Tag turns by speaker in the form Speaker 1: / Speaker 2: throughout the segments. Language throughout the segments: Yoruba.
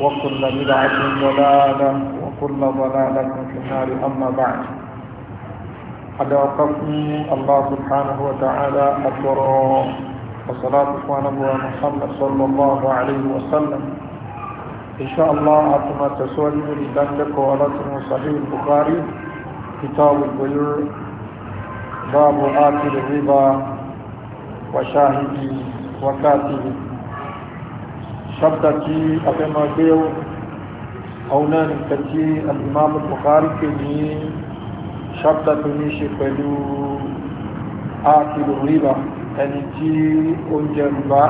Speaker 1: وكل بدعة ضلالة وكل ضلالة في النار أما بعد قد وقفني الله سبحانه وتعالى أكبر وصلاة إخوانه محمد صلى الله عليه وسلم إن شاء الله أتما تسولي لذلك ولكن صحيح البخاري كتاب البيوع باب آكل الربا وشاهد وكاتبي ṣáptà tí a fẹ́ máa gbé yau àwọn náà nìkan tí alìmọ́mù Bukhari pè ní ṣáptà tó ní ṣe pẹ̀lú ákìlù rírà ẹni tí ó ń jẹ rúbá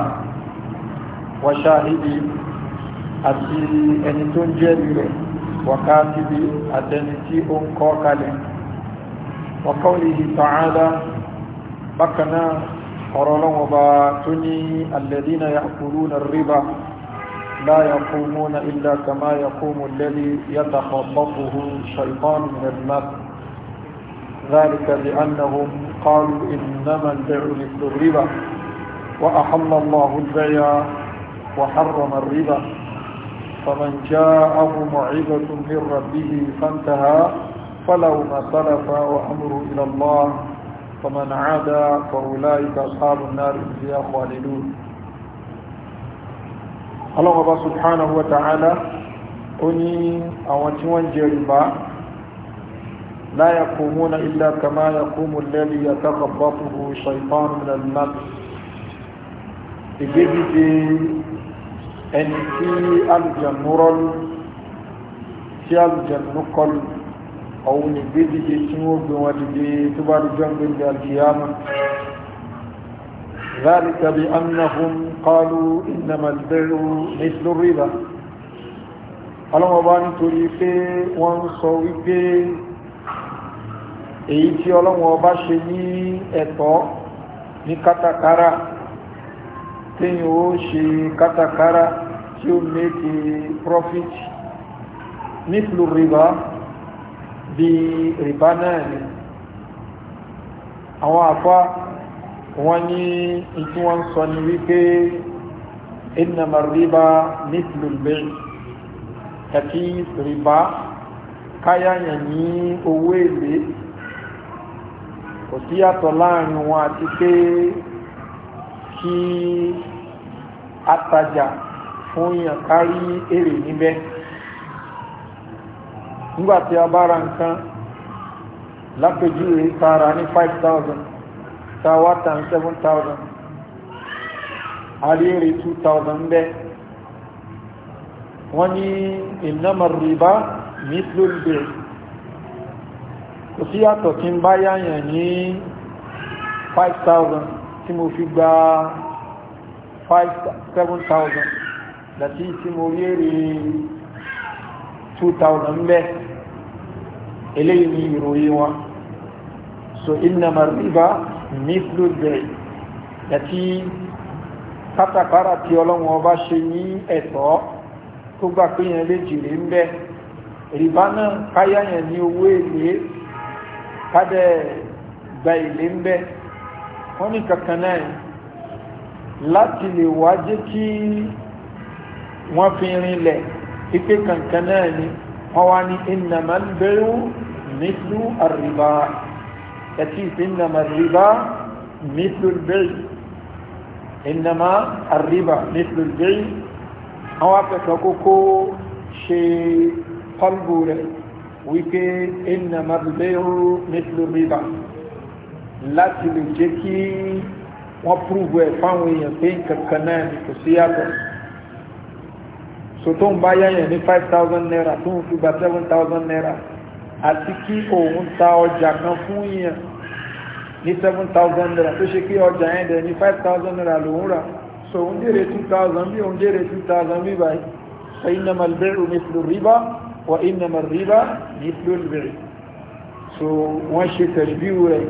Speaker 1: wa ṣáhìdì àti ẹni tó ń jẹ́ rírẹ̀ wàkátí bí àtẹni tí ó ń kọ́ kalẹ̀ وقوله تعالى بكنا قرلوا باتني الذين يأكلون الربا لا يقومون إلا كما يقوم الذي يتخبطه الشيطان من المس ذلك بأنهم قالوا إنما البيع مثل الربا وأحل الله البيع وحرم الربا فمن جاءه موعظة من ربه فانتهى فلو ما سلف وأمره إلى الله فمن عاد فأولئك أصحاب النار فيها خالدون ọlọ́wọ́ba subhanahu wa ta'ala ó ní àwọn tí wọ́n jẹ rìbá la yaqumuna illa kama yaqumu alladhi yatakhabbathu shaytanu min al-mas ìgbédìde ẹni tí alùjẹ̀nù rọ́lù tí alùjẹ̀nù kọlù ọ̀hun tí wọ́n gbé wọn dìde tó bá dìjọ́ gbé ní alùjẹ̀yàmù ذلك بأنهم قالوا إنما البيع مثل الربا ọlọ́wọ́ bá nítorí pé wọ́n ń sọ wípé èyí tí ọlọ́wọ́ bá ṣe ní ẹ̀tọ́ ní kátàkárà tíyàn ó ṣe kátàkárà tí ó méjì profit níflù rìbá bí rìbá náà ni àwọn àfáà wọ́n ní ìtí wọ́n sọ ní wípé innama riba mithlul bay' ẹ̀kí riba káyàyàn ní owó èlé kò sí yàtọ̀ láàrin wọn àti pé kí atajà fún yàn kárí èrè níbẹ̀ nígbàtí a nǹkan lápèjúwe tààrà ní 5000 tawa times 7,000. thousand 2,000 two thousand bẹ́ wọ́n ní ìnáma rìbá ní florida kò sí yàtọ̀ tí ń bá yáyàn ní five thousand tí mo fi gba five seven thousand láti tí mo rí èrè two thousand ìròyìn wọn so ìnáma rìbá mithlu bẹ́ẹ̀ àti kátàkárà tí ọlọ́run ọba ṣe ní ẹ̀tọ́ tó gbà pé yẹn lè jìrì ń bẹ́ rìbá náà káyà yẹn ní owó èlé kádẹ́ gba èlé ń bẹ́ wọ́n ní kankan náà láti lè wá jẹ́ kí wọ́n fi rinlẹ̀ pípé kankan náà ni wọ́n wá ní ìnàmọ́ bẹ́rù nílùú àrìbá كتيف إنما الربا مثل البيع إنما الربا مثل البيع أو أبتكوكو شيء قلبه wípé ẹnà mabibẹ́rù mẹ́tìlú rírà láti lè jẹ́ kí wọ́n púrùbù ẹ̀ fáwọn èèyàn pé kankan náà ní kò sí yàtọ̀ so tó ń bá yáyàn ní five thousand naira tó ń fi gba seven thousand naira àti kí òun ta ọjà kan fún yẹn ní seven thousand naira tó ṣe kí ọjà yẹn dẹ̀ ní five thousand naira lòún rà so òun dèrè two thousand bí òun dèrè two thousand bí báyìí fa innama al-bi'ru mithlu riba wa innama riba mithlu al-bi'r so wọ́n ṣe tẹ̀síbíù rẹ̀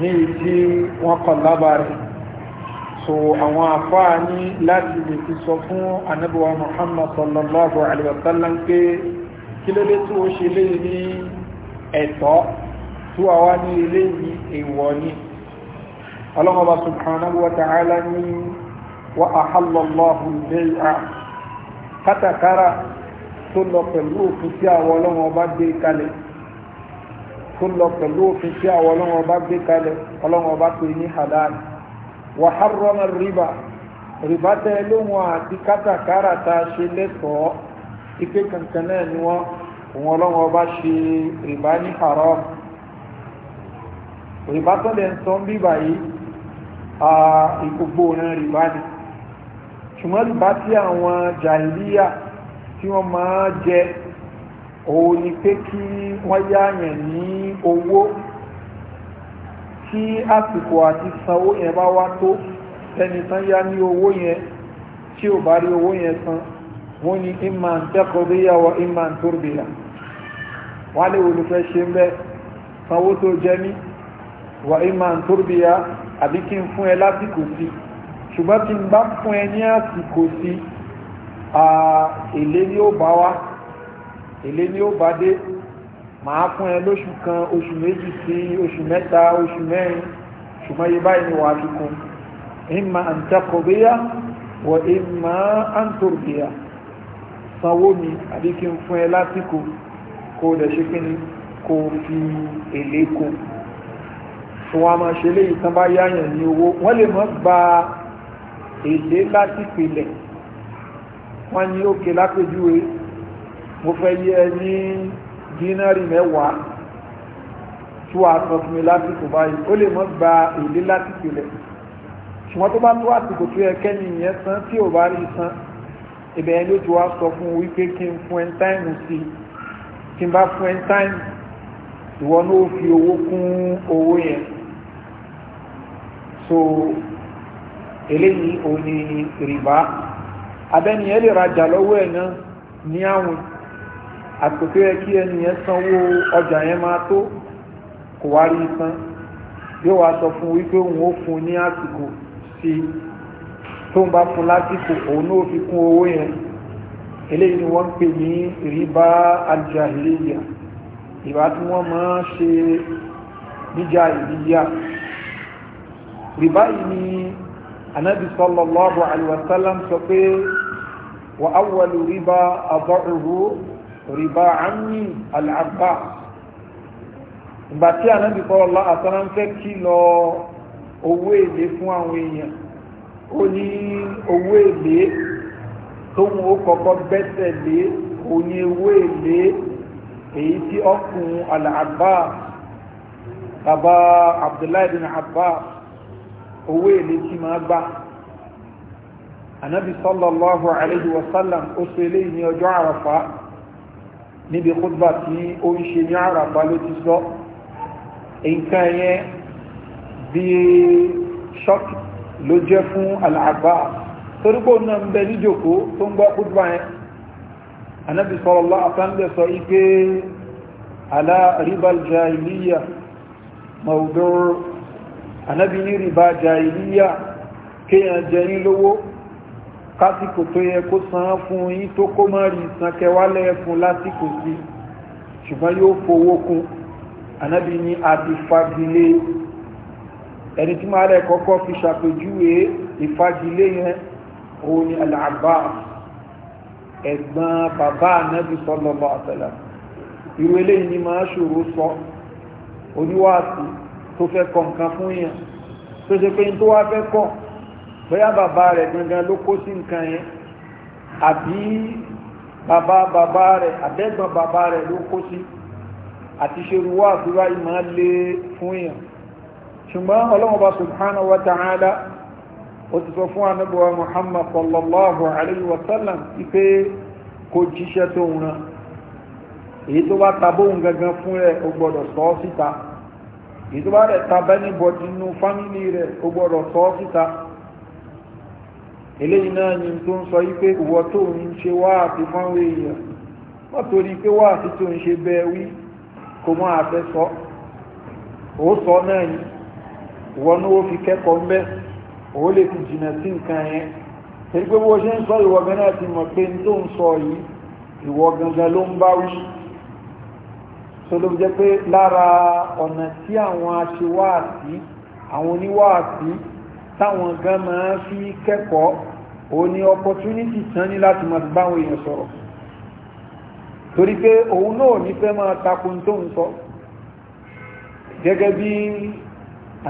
Speaker 1: ní ìdí wọn kọ̀ lábàárẹ̀ so àwọn àfáà ní láti lè fi sọ fún anábíwá muhammad sallallahu alaihi wa sallam pé kí ló dé tí wọ́n ṣe lé ní ẹ̀tọ́ tí wà wá ní ilé yìí èwọ̀ ni ọlọ́mọba subhanahu wa ta'ala ni wa ahallallahu al-bay'a kátàkárà tó lọ pẹ̀lú òfin tí àwọn ọlọ́mọba gbé kalẹ̀ tó lóhun àti kátàkárà tá ṣe lẹ́tọ̀ọ́ ipé kankan náà ni wọ́n òun ọlọ́wọ́ bá ṣe rìbá ní haram rìbá tó lè sọ ń bíbà yìí a ìgbogbo òun rìbá ni ṣùgbọ́n rìbá tí àwọn jàìlíyà tí wọ́n máa jẹ òun ni pé kí wọ́n yáyàn ní owó tí àsìkò àti sanwó yẹn bá wá tó tẹnitán yá ní owó yẹn tí ò bá rí owó yẹn san wọ́n ní ìmà ń tẹ́kọ̀ọ́díyà wọ ìmà ń tórbìyà wà lè olùfẹ́ ṣe ń bẹ́ sanwó tó jẹ́ ní wọ ìmà ń tórbìyà àbí kí n fún ẹ lásìkò sí ṣùgbọ́n tí n bá fún ẹ ní àsìkò sí èlé ni ó bá wá èlé ni ó bá dé màá fún ẹ lóṣù kan oṣù méjì sí oṣù mẹ́ta oṣù mẹ́rin ṣùgbọ́n yìí báyìí ni wà á fi kún ìmà ń tẹ́kọ̀ọ́díyà wọ ń tórbìyà sanwó mi àbí kí n fún ẹ lásìkò kó o dẹ̀ ṣe kí ni kó o fi èlé kó tó wọn a máa ṣe léyìí tán bá yáyàn ní owó wọ́n lè mọ́ gba èlé láti pilẹ̀ wọ́n ní òkè lápèjúwe mo fẹ́ yí ẹ ní dínárì mẹ́wàá tí wàá sọ fún mi lásìkò báyìí ó lè mọ́ gba èlé láti pilẹ̀ ṣùgbọ́n tó bá tó àsìkò tó yẹ kẹ́ni ìyẹn san tí ò bá rí san ibẹ̀ ẹni ó ti wá sọ fún wípé kí n fún ẹntáìmù sí kí n bá fún ẹntáìmù ìwọ náà ó fi owó kún owó yẹn so eléyìí ò ní rìbá abẹ́ni ẹ lè rajà lọ́wọ́ ẹ̀ náà ní àwìn àpòkè ẹ kí ẹni yẹn sanwó ọjà yẹn máa tó kò wá rí san yóò wá sọ fún wípé òun ó fún ní àsìkò sí i tó ń bá fún lásìkò òun náà fi kún owó yẹn eléyìí ni wọ́n ń pè ní ríbá aljahiliya ìbá tí wọ́n máa ṣe níjà ìdíyà ríbá yìí ni anábì sallallahu alaihi wasallam sọ pé wa awwalu ríbá adọ́rùrù ríbá àmì alàbá ìgbà tí anábì sallallahu alaihi wasallam kí lọ owó èlé fún àwọn èèyàn ó ní owó èlé tóun ó kọ́kọ́ bẹ́sẹ̀ lé òní owó èlé èyí tí ọkùn alàbá bàbá abdullahi bin abbas owó èlé tí máa gbá anábi sallallahu alaihi wasallam ó sọ eléyìí ní ọjọ́ àràfà níbi kúdbà tí ó ń ṣe ní àràfà ló ti sọ nǹkan ẹ̀yẹn bí ṣọ́kì ló jẹ́ fún alàbá torípò náà ń bẹ níjòkó tó ń gbọ́ kúrò báyẹn anábì sọ́rọ̀lá àtàndẹ̀ sọ ipé alá ríbà jahiliya mọ̀ọ̀dọ́rọ̀ anábì ní ríbà jahiliya kéèyàn jẹ yín lówó kásìkò tó yẹ ẹni tí máa rẹ̀ kọ́kọ́ fi ṣàpèjúwe ìfagilé yẹn òun ni alàbá ẹ̀gbọ́n bàbá ànábì sọ́lọ́lọ́ àtẹ́lá irú eléyìí ni máa ṣòro sọ oníwàásù tó fẹ́ kọ nǹkan fún yẹn tó ṣe pé tó wá fẹ́ kọ́ bóyá bàbá rẹ̀ gangan ló kó sí nǹkan yẹn àbí bàbá bàbá rẹ̀ àbẹ́gbọ̀n bàbá rẹ̀ ló kó sí àti ṣerú wàásù ráyìí máa lé fún yẹn ṣùgbọ́n ọlọ́mọba subhanahu wa ta'ala ó ti sọ fún anábọ̀wá muhammad sallallahu alayhi wa sallam ipe kò jíṣẹ́ tó ń èyí tó bá tabóhun gangan fún rẹ̀ ó gbọ́dọ̀ sọ ọ́ síta èyí tó bá rẹ̀ tabẹ́ni bọ̀ nínú rẹ̀ ó gbọ́dọ̀ sọ ọ́ síta eléyìí náà ni tó sọ ìwọ tó ń ṣe wá àti fáwọn èèyàn wọ́n pé wá àti tó ń ṣe bẹ́ẹ̀ wí kò sọ ó sọ náà ni wọnú ó fi kẹ́kọ̀ọ́ ń bẹ́ ó lè fi jìnà sí nǹkan yẹn torí pé bó ṣe ń sọ ìwọ gan náà ti mọ̀ pé tó ń sọ yìí ìwọ gangan ló ń bá wí tó pé lára ọ̀nà tí àwọn aṣewáàsí àwọn oníwáàsí táwọn gan máa fi kẹ́kọ̀ọ́ òun ni opportunity tán ní láti máa báwọn èèyàn sọ̀rọ̀ torí pé òun náà ní fẹ́ máa takun tó ń sọ gẹ́gẹ́ bí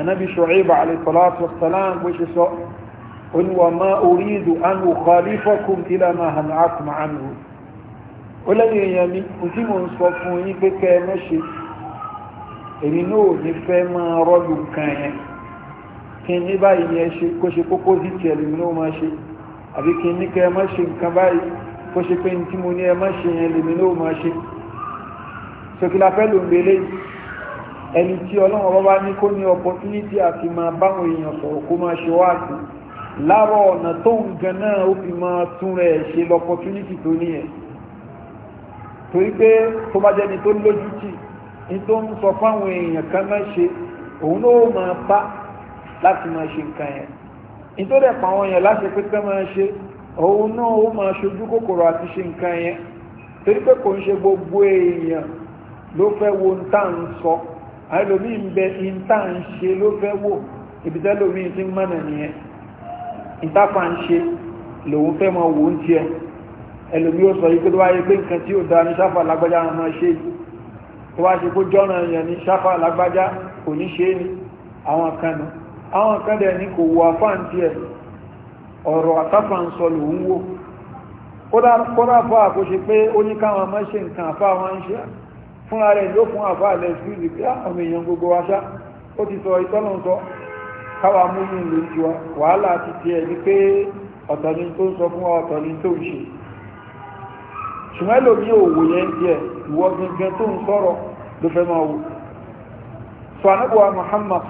Speaker 1: anábi ṣọ̀rẹ́bà alẹ́sọ̀láàtọ̀sọ̀láàm bó ṣe sọ oníwà máa orí ìdù ánù kọlífọ́kùn ilá máa hàn ákùnmá ánù ó lẹ́yìn èèyàn mi kò tí mò ń sọ fún yín pé kẹ́ ẹ mẹ́ṣe èmi náà ní fẹ́ kan yẹn kí ní báyìí yẹn ṣe kó ṣe kókó sí tiẹ̀ lèmi náà máa ṣe àbí kí ní kẹ́ ẹ má ṣe nǹkan báyìí kó ṣe pé ní tí mo ní ẹ má ṣe yẹn lèmi náà máa ṣe sókè la fẹ́ ẹni tí ọlọ́run ọba bá ní kó ní opportunity àti máa báwọn èèyàn sọ̀rọ̀ kó máa ṣe wá sí lára ọ̀nà tó ń gan náà ó fi máa tún rẹ̀ ṣe lọ opportunity tó ní ẹ̀ torí pé tó bá jẹ́ni tó lójútì ní tó ń sọ fáwọn èèyàn kan máa ṣe òun ló máa bá láti máa ṣe nǹkan yẹn nítorí ẹ̀pọ̀ àwọn èèyàn láti pé máa ṣe òun náà ó máa ṣojú kòkòrò àti ṣe nǹkan yẹn torí pé kò ń ṣe gbogbo èèyàn ló fẹ́ wo ń tà ń sọ. àìlòmí ń bẹ ìta ń ṣe ló fẹ́ wò ibìtẹ́ lómi ti ń mọ́nà nìyẹn ìtafà ń ṣe lòun fẹ́ mọ wò ń tiẹ̀ ẹlòmí ó sọ yìí tó wáyé pé nǹkan tí ó da ní sáfà lágbájá máa ṣe tó wá ṣe kó jọ́nà ní sáfà lágbájá ṣe ni àwọn kan nù àwọn kan dẹ̀ ní kò ọ̀rọ̀ àtàfà ń sọ lòun wò kódà fọ́ àkóṣe pé ó ní káwọn máa ṣe nǹkan wọn fúnra rẹ̀ ló fún àfá alẹ́ ìsúrìdì pé àwọn èèyàn gbogbo aṣá ó ti sọ ìtọ́nà sọ káwà múlù ti wa wàhálà ti ti ẹ̀ ní pé ọ̀tọ̀ni tó sọ fún ọ̀tọ̀ni tó ń ṣe ṣùgbọ́n lómi òwò tó wò sọ anábọ̀wá muhammad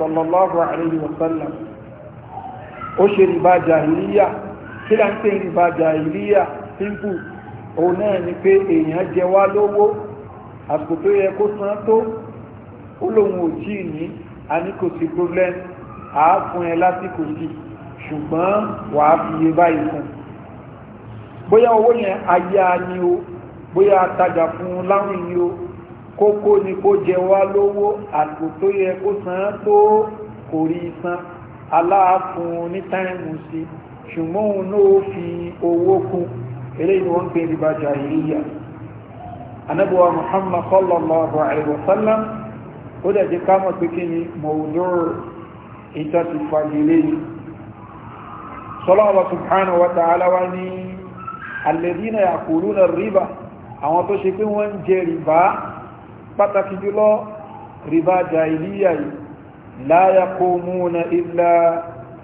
Speaker 1: àsìkò tó yẹ kó san tó ó lóun ò tí ní a ní kò sí problem a fún ẹ lásìkò sí ṣùgbọ́n wàá fi iye báyìí fún bóyá owó yẹn ayá ni o bóyá atajà fún láwìn ni o kókó ni kó jẹ wá lówó àsìkò tó yẹ kó san tó kò rí san aláàfún ní táìmù sí ṣùgbọ́n òun náà fi owó kún eléyìí wọ́n ń pè ní bàjá ìrìyà anábọ̀wá muhammad sallallahu alaihi wasallam ó dẹ̀ jẹ́ ká mọ̀ pé kí ni mọ̀wùdúrù ìta ti fagilé ni sọ́lọ́wọ́ subhanahu wa ta'ala wa ni alẹ́dínà àkùrú na ríbà àwọn tó ṣe pé wọ́n ń jẹ ríbà pàtàkì jùlọ jahiliya yìí láyà kó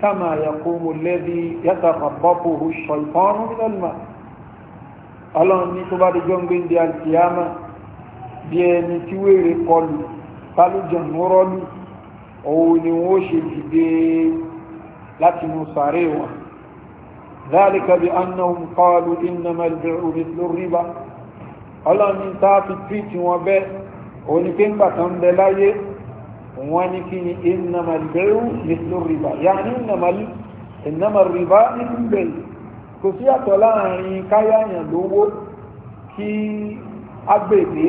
Speaker 1: kama ya kó mú lẹ́bí yàtà àbápò ṣọ̀ìpánú nínú ọlọ́run ní tó bá di jọ́ ń gbé ń di alkiyama bí ẹni tí wèrè kọlù tálùjọ̀n rọ́lù òun ni wọ́n ṣe dìde láti mú sàárè wọn ذلك بأنهم قالوا إنما البيع مثل الربا ọlọ́run ní tá fi tíìtì wọn bẹ́ òní pé ń gbà kan bẹ láyé wọ́n ní kí ni إنما البيع مثل الربا يعني إنما الربا مثل البيع kò sí àtọ̀ láàrin káyáyàn lówó kí agbègbè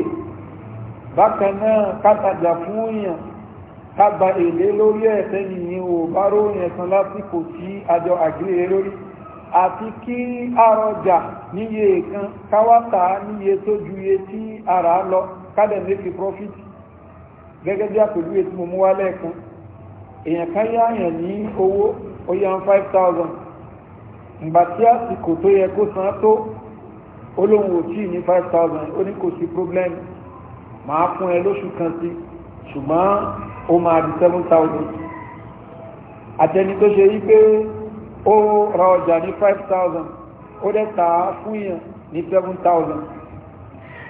Speaker 1: bákan náà kátàjà fún èèyàn kágbà èlé lórí ẹ̀sẹ̀ nìyẹn ò bá róyìn ẹ̀sán lásìkò tí àjọ àgbélé lórí àti kí àrọjà níye kan káwátà níye tó ju iye tí ara lọ kádẹ̀ méjì profit gẹ́gẹ́ bí àpèjúwe tí mo mú wá lẹ́ẹ̀kan èèyàn káyáyàn ní owó ó yàn 5000 ìgbà tí àsìkò tó yẹ kó san tó olóhun ò ní 5000 ó ní kò sí problem máa fún ẹ lóṣù kan sí ṣùgbọ́n ó máa di 7000 àtẹni tó ṣe wípé ó ra ọjà ní 5000 ó dẹ̀ tà á fún yàn ní 7000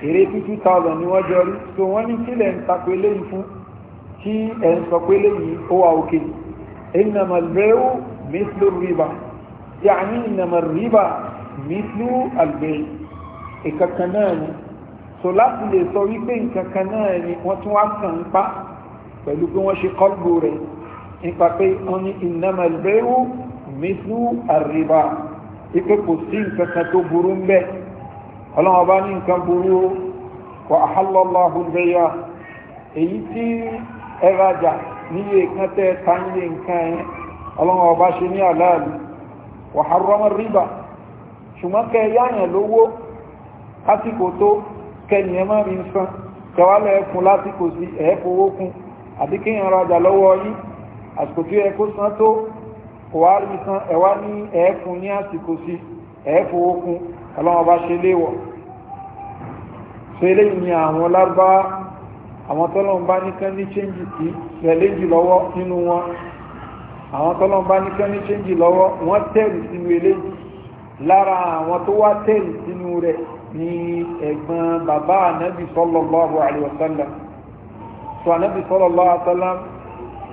Speaker 1: èrè 2000 ni wọ́n jọ rí so wọ́n ní kílẹ̀ ń tako eléyìí fún tí ẹ̀ ń sọ pé eléyìí ó wà òkè ìnàmọ̀lẹ́wò mísìlò rìbá يعني ìnàmà rìbá mìtú àgbẹ̀ ìkankan náà ni so láti lè sọ wípé ìkankan náà ni wọ́n tún wá kàn ń pa pẹ̀lú pé wọ́n ṣe kọ́lbù rẹ̀ nípa pé wọ́n ní ìnàmà ìbẹ̀rù mìtú àrìbá ipe kò sí nǹkankan tó burú ń bẹ́ẹ̀ bá ní nǹkan burú wà áhàlọ́lọ́hù lẹ́yà èyí tí ẹrajà níye kan tẹ́ tánilé nǹkan ẹ̀ ọlọ́wọ́ bá ṣe ní àláàlú wàhárọ́mọ́ rìbá ṣùgbọ́n kẹ yáyàn lówó lásìkò tó kẹni ẹ máa rí ń san kẹwàálẹ̀ ẹkùn lásìkò sí ẹ̀ẹ́fowó kún àbí kéèyàn rajà lọ́wọ́ yín àsìkò tí ẹkó san tó kò wá rí san ẹ̀wá ní ẹ̀ẹ́fun ní àsìkò sí àwọn tọ́lọ́n bá ní kí wọ́n ní ṣéǹjì lọ́wọ́ wọ́n tẹ̀rù sínú eléyìí lára àwọn tó wá tẹ̀rù sínú rẹ̀ ní ẹ̀gbọ́n bàbá ànábì sallallahu alaihi wasallam tó ànábì sallallahu alaihi wasallam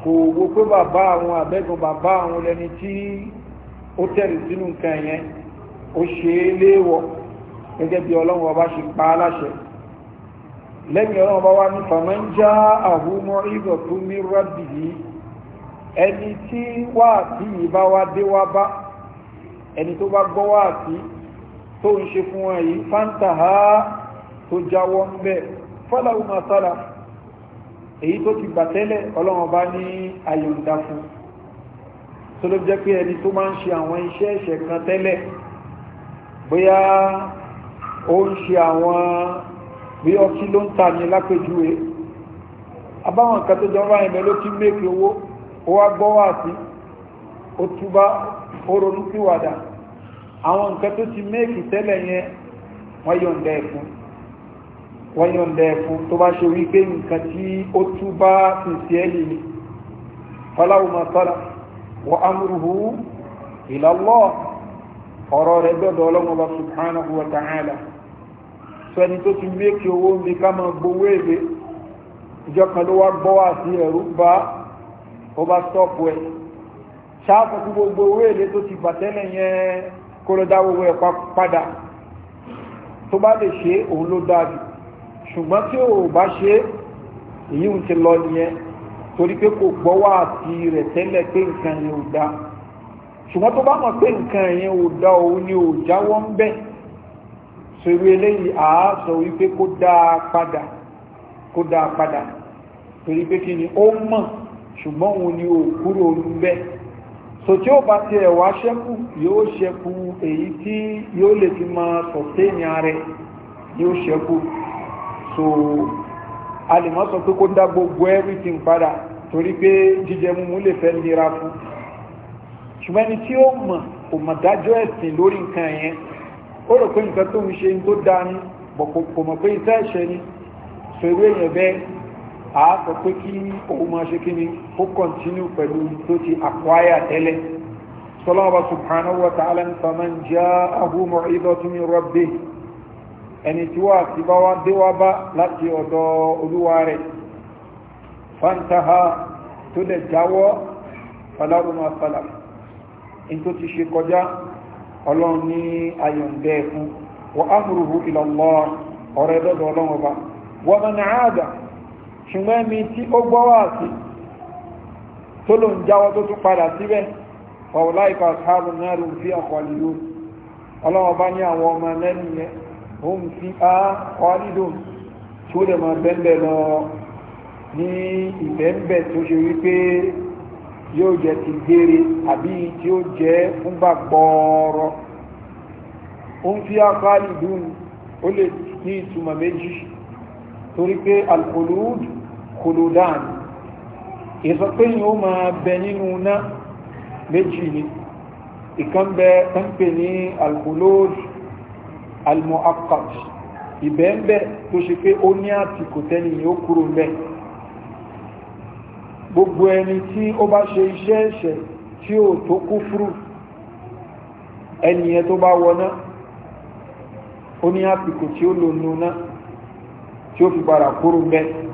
Speaker 1: kò wo pé bàbá àwọn àbẹ́gun bàbá àwọn lẹni tí ó tẹ̀rù sínú nǹkan yẹn ó ṣe é léèwọ̀ gẹ́gẹ́ bí ẹni tí wáàtí yìí wa wá dé wá bá ẹni tó bá gbọ́ wáàtí tó ń ṣe fún wọn yìí ha tó jáwọ́ ń bẹ̀ fọ́láwù máa sára èyí tó ti gbà tẹ́lẹ̀ ọlọ́run bá ní àyọ̀ǹda fún tó ló jẹ́ pé ẹni tó máa ń ṣe àwọn iṣẹ́ ẹ̀ṣẹ̀ kan tẹ́lẹ̀ bóyá ó ń ṣe àwọn bí ọtí ló ń ta ní lápèjúwe abáwọn kan tó jọ wáyé mẹ́ ló ti mẹ́kì owó ó wá gbọ́ wá sí ó túbá ó ronú sí wàdà àwọn nǹkan tó ti méèkì tẹ́lẹ̀ yẹn wọ́n yọ̀ǹda ẹ̀fún wọ́n yọ̀ǹda ẹ̀fún tó bá ṣe wípé nǹkan tí ó túbá sincerely ni fọláwù máa sọ́la wọ amúrùhù ìlàlọ́ ọ̀rọ̀ rẹ̀ gbọ́dọ̀ ọlọ́mọba subhanahu wa ta'ala sọ ẹni tó ti méèkì owó mi ká máa gbowó èlé ìjọ kan ló wá gbọ́ wá sí ẹ̀rú bá ó bá stọ́ọ̀pù ẹ̀ ṣáàpù fún gbogbo owó èlé tó ti gbà tẹ́lẹ̀ yẹn kó lọ dá owó ẹ̀ padà tó bá lè ṣe òun ló dáa jù ṣùgbọ́n tí ò bá ṣe èyí ń ti lọ nìyẹn torí pé kò gbọ́wọ́ àti rẹ̀ tẹ́lẹ̀ pé nǹkan yẹn ò dáa ṣùgbọ́n tó bá mọ̀ pé nǹkan yẹn ò dáa òun ni ò jáwọ́ ń bẹ́ẹ̀ sọ̀rọ̀ eléyìí àásọ wípé kó dáa padà kó dáa padà torí pé kí ni ó mọ̀ ṣùgbọ́n òun ni ò kúrò níbẹ̀ so tí ó bá ti ẹ̀wà ṣẹ́kù yóò ṣẹ́kù èyí tí yóò lè fi máa sọ̀tẹ́ẹ̀nì ààrẹ yóò ṣẹ́kù so a lè mọ́ sọ pé kó dá gbogbo everything padà torí pé jíjẹ múmú lè fẹ́ nira fún ṣùgbọ́n ẹni tí ó mọ̀ kò mọ̀ dájọ́ ẹ̀sìn lórí nǹkan yẹn ó rò pé nǹkan tó ń ṣe tó dáa ní bọ̀ kò mọ̀ pé iṣẹ́ ẹ̀ṣẹ̀ ni so irú èèyàn bẹ́ẹ̀ a sọ pé kí òun máa ṣe kí ni ó kọ̀ntínú pẹ̀lú tó ti àkwáyà tẹ́lẹ̀ sọlọ́ọ̀bà subhanahu wa ta'ala ń fa man ja'ahu maw'idatun min rabbih ẹni tí wà tí bá wá dé wá bá láti ọ̀dọ̀ olúwa rẹ̀ wa man 'ada ṣùgbọ́n mi tí ó gbọ́wà sí tó ló ń jáwọ́ tó tún padà síbẹ̀ ọ̀wọ̀lá ìkà sáàrùn náà rùn fi àkọlì yóò ọlọ́wọ́ bá ní àwọn ọmọ lẹ́nìyẹ òun fi á kọ́lídùn tí ó dẹ̀ máa bẹ́ẹ̀ ti gbére àbí tí ó jẹ́ fúngbà gbọ́ọ̀rọ̀ òun fi á kọ́lídùn ó lè ní ìtumọ̀ méjì torí pé alkolood kolodan ìsọpéyìn ó máa bẹ nínú ná méjì ni ìkan bẹ tánpẹ ní alkolod almuakat ìbẹ̀ ń bẹ tó ṣe pé ó ní àtìkò tẹ́ni ó kúrò ń bẹ gbogbo ẹni tí ó bá ṣe iṣẹ́ ẹ̀ṣẹ̀ tí ó tó kú fúrú ẹniyẹ tó bá wọná ó ní àtìkò tí ó lò nù tí ó fi padà kúrò ń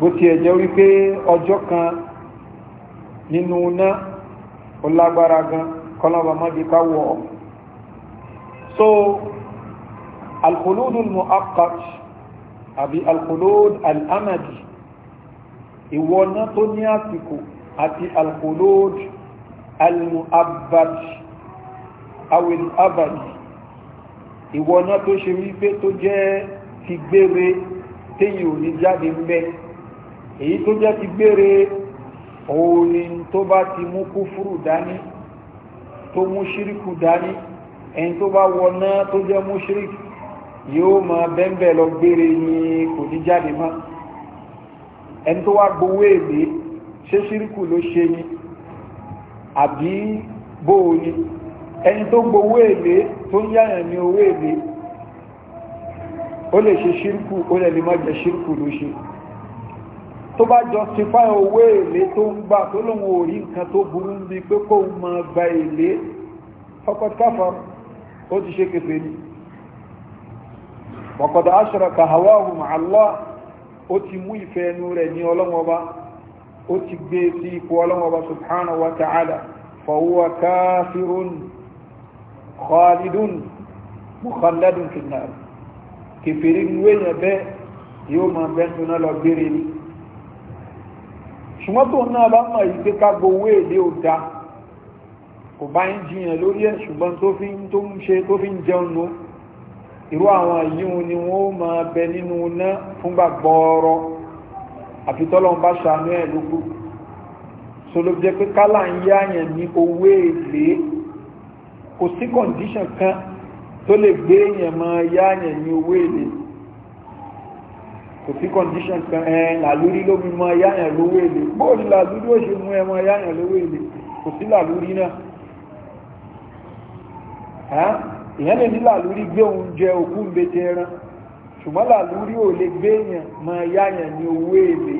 Speaker 1: bó ti ẹ̀jẹ́ wípé ọjọ́ kan nínú náà ó lágbára gan kọlọ́wà mọ́bí káwọ̀ ọ́ so alkhuludul mu'aqqat àbí alkhulud al'amadi ìwọ náà tó ní àsìkò àti alkhulud almu'abbad awil abadi ìwọ náà tó ṣe wípé tó jẹ́ ti gbére téyìn ò ní jáde ń bẹ́ẹ̀ èyí tó jẹ́ ti gbére òní tó bá ti mú kúfúrú dání tó mú ṣíríkù dání ẹni tó bá wọná tó jẹ́ mú ṣíríkù yóò mọ bẹ́ńbẹ́ lọ gbére ní kò ní jáde mọ́ ẹni tó wá gbowó èlé ṣé ṣíríkù ló ṣe ni àbí bóò ni ẹni tó gbowó èlé tó ń yáyàn ní owó èlé ó lè ṣe ṣíríkù ó lè lè má jẹ ṣíríkù ló ṣe tó bá justify owó èlé tó ń gbà tó lóun ò rí nǹkan tó burú ń bi pé kó mọ gba èlé faqad kafara ó ti ṣe kẹfẹ́ ni waqad ashraka hawahu ma'a Allah ó ti mú ìfẹ́ ẹnu rẹ̀ ní ọlọ́wọ́ ó ti gbé e sí ipò ọlọ́wọ́ subhanahu wa ta'ala ṣùgbọ́n tó náà bá mọ̀ ìgbé ká gbowó èlé ò dá kò bá ń jiyàn lórí ẹ̀ ṣùgbọ́n tó fi ń tó ń ṣe tó fi ń jẹun ló irú àwọn yíhun ni wọ́n máa bẹ nínú iná fúngbà gbọ́ọ̀rọ̀ àfi tọ́lọ́n bá ṣàánú ẹ̀ lókù sọlọ́ jẹ́ pé kálà ń yáyàn ní owó èlé kò sí kọ̀ǹdíṣàn kan tó lè gbé èèyàn máa yáyàn ní owó èlé kò sí condition kan ẹ làlúrí ló mú mọ yáyàn lówó èlé bóòlù làlúrí ó ṣe mú ẹ mọ yáyàn lówó èlé kò sí làlúrí náà èèyàn lè ní làlúrí gbé oúnjẹ òkú ń bẹ tẹran ṣùgbọ́n làlúrí ò lè gbé èèyàn mọ yáyàn ní owó èlé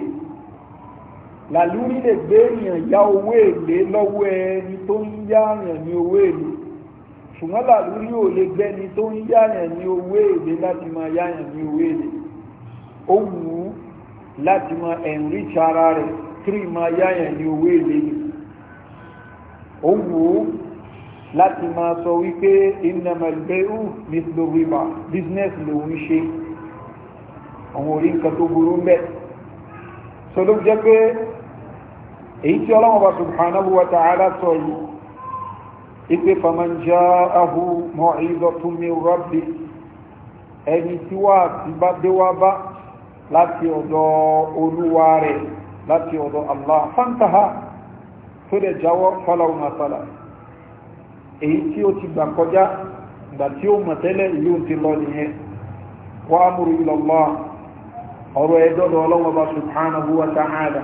Speaker 1: làlúrí lè gbé èèyàn yá owó èlé lọ́wọ́ ẹni tó ń yáyàn ní owó èlé ṣùgbọ́n làlúrí ò lè gbẹ́ni tó ń yáyàn ní owó èlé láti máa yáyàn ní owó èlé ó wù ú láti mọ enrich ara rẹ̀ three máa yáyàn ní owó èlé ni ó wù ú láti máa sọ wípé innamal bay'u mithlu riba business lòun ṣe àwọn orí nǹkan tó burú mẹ́ so ló jẹ́ pé èyí tí ọlọ́wọ́ bá subhanahu wa ta'ala sọ yìí ipe faman ja'ahu maw'izatun min rabbi ẹni tí wà tí bá dé wá bá láti ọ̀dọ̀ olúwa rẹ̀ láti ọ̀dọ̀ allah fantaha tó dẹ̀ jáwọ́ fọ́láwọ́ masala èyí tí ó ti gbà kọjá ìgbà tí ó mọ̀ tẹ́lẹ̀ ìlú ti lọ nìyẹn wọ́n á múrú ilọ̀lọ́ ọ̀rọ̀ ẹ̀dọ́dọ̀ ọlọ́wọ́ bá subhanahu wa ta'ala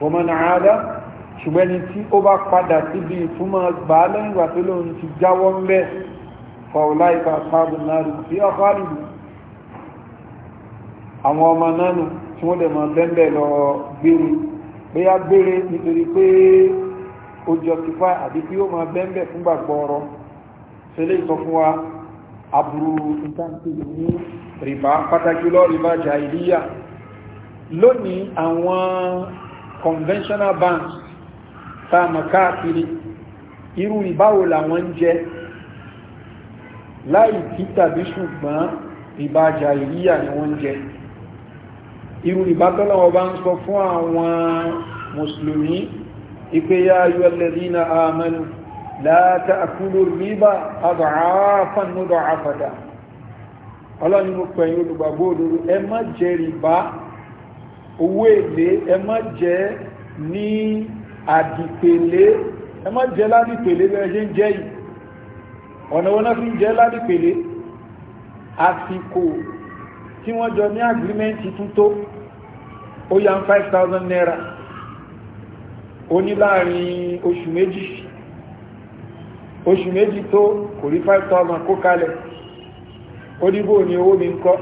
Speaker 1: wọ́n mọ̀ nà áádá ṣùgbọ́n ni àwọn ọmọ nánu tí wọ́n lè mọ bẹ́ẹ̀ lọ gbére bóyá gbére nítorí pé ó jọsifá àbí kí ó mọ bẹ́ẹ̀ fún gbàgbọ́ ọ̀rọ̀ ṣẹlẹ̀ ìsọ fún wa aburú ìtàkìlì ní rìbá conventional banks tààmà káàkiri irú ìbáwò làwọn ń jẹ láì kí tàbí ṣùgbọ́n ìbájà ìríyà ni wọ́n jẹ́ irú ìbátọ́lọ́wọ́ bá ń sọ fún àwọn mùsùlùmí ipé yá yọ lẹ́dínà àmàlù láta àkúrò ríbà àdọ̀áfànúdọ̀ àfàdà ọlọ́nínú pẹ̀yìn olùgbàgbó òdòdó ẹ má jẹ rìbá owó èlé ẹ má jẹ ní àdìpèlé ẹ má jẹ ládìpèlé bẹ́ẹ̀ ṣe ń jẹ́ yìí ọ̀nà wọn náà fi ń jẹ ládìpèlé tí wọ́n jọ ní agrimenti tún tó ó yá 5000 naira ó ní láàrin oṣù méjì oṣù méjì tó kò rí 5000 kó kalẹ̀ ó ní bó ní owó mi ń kọ́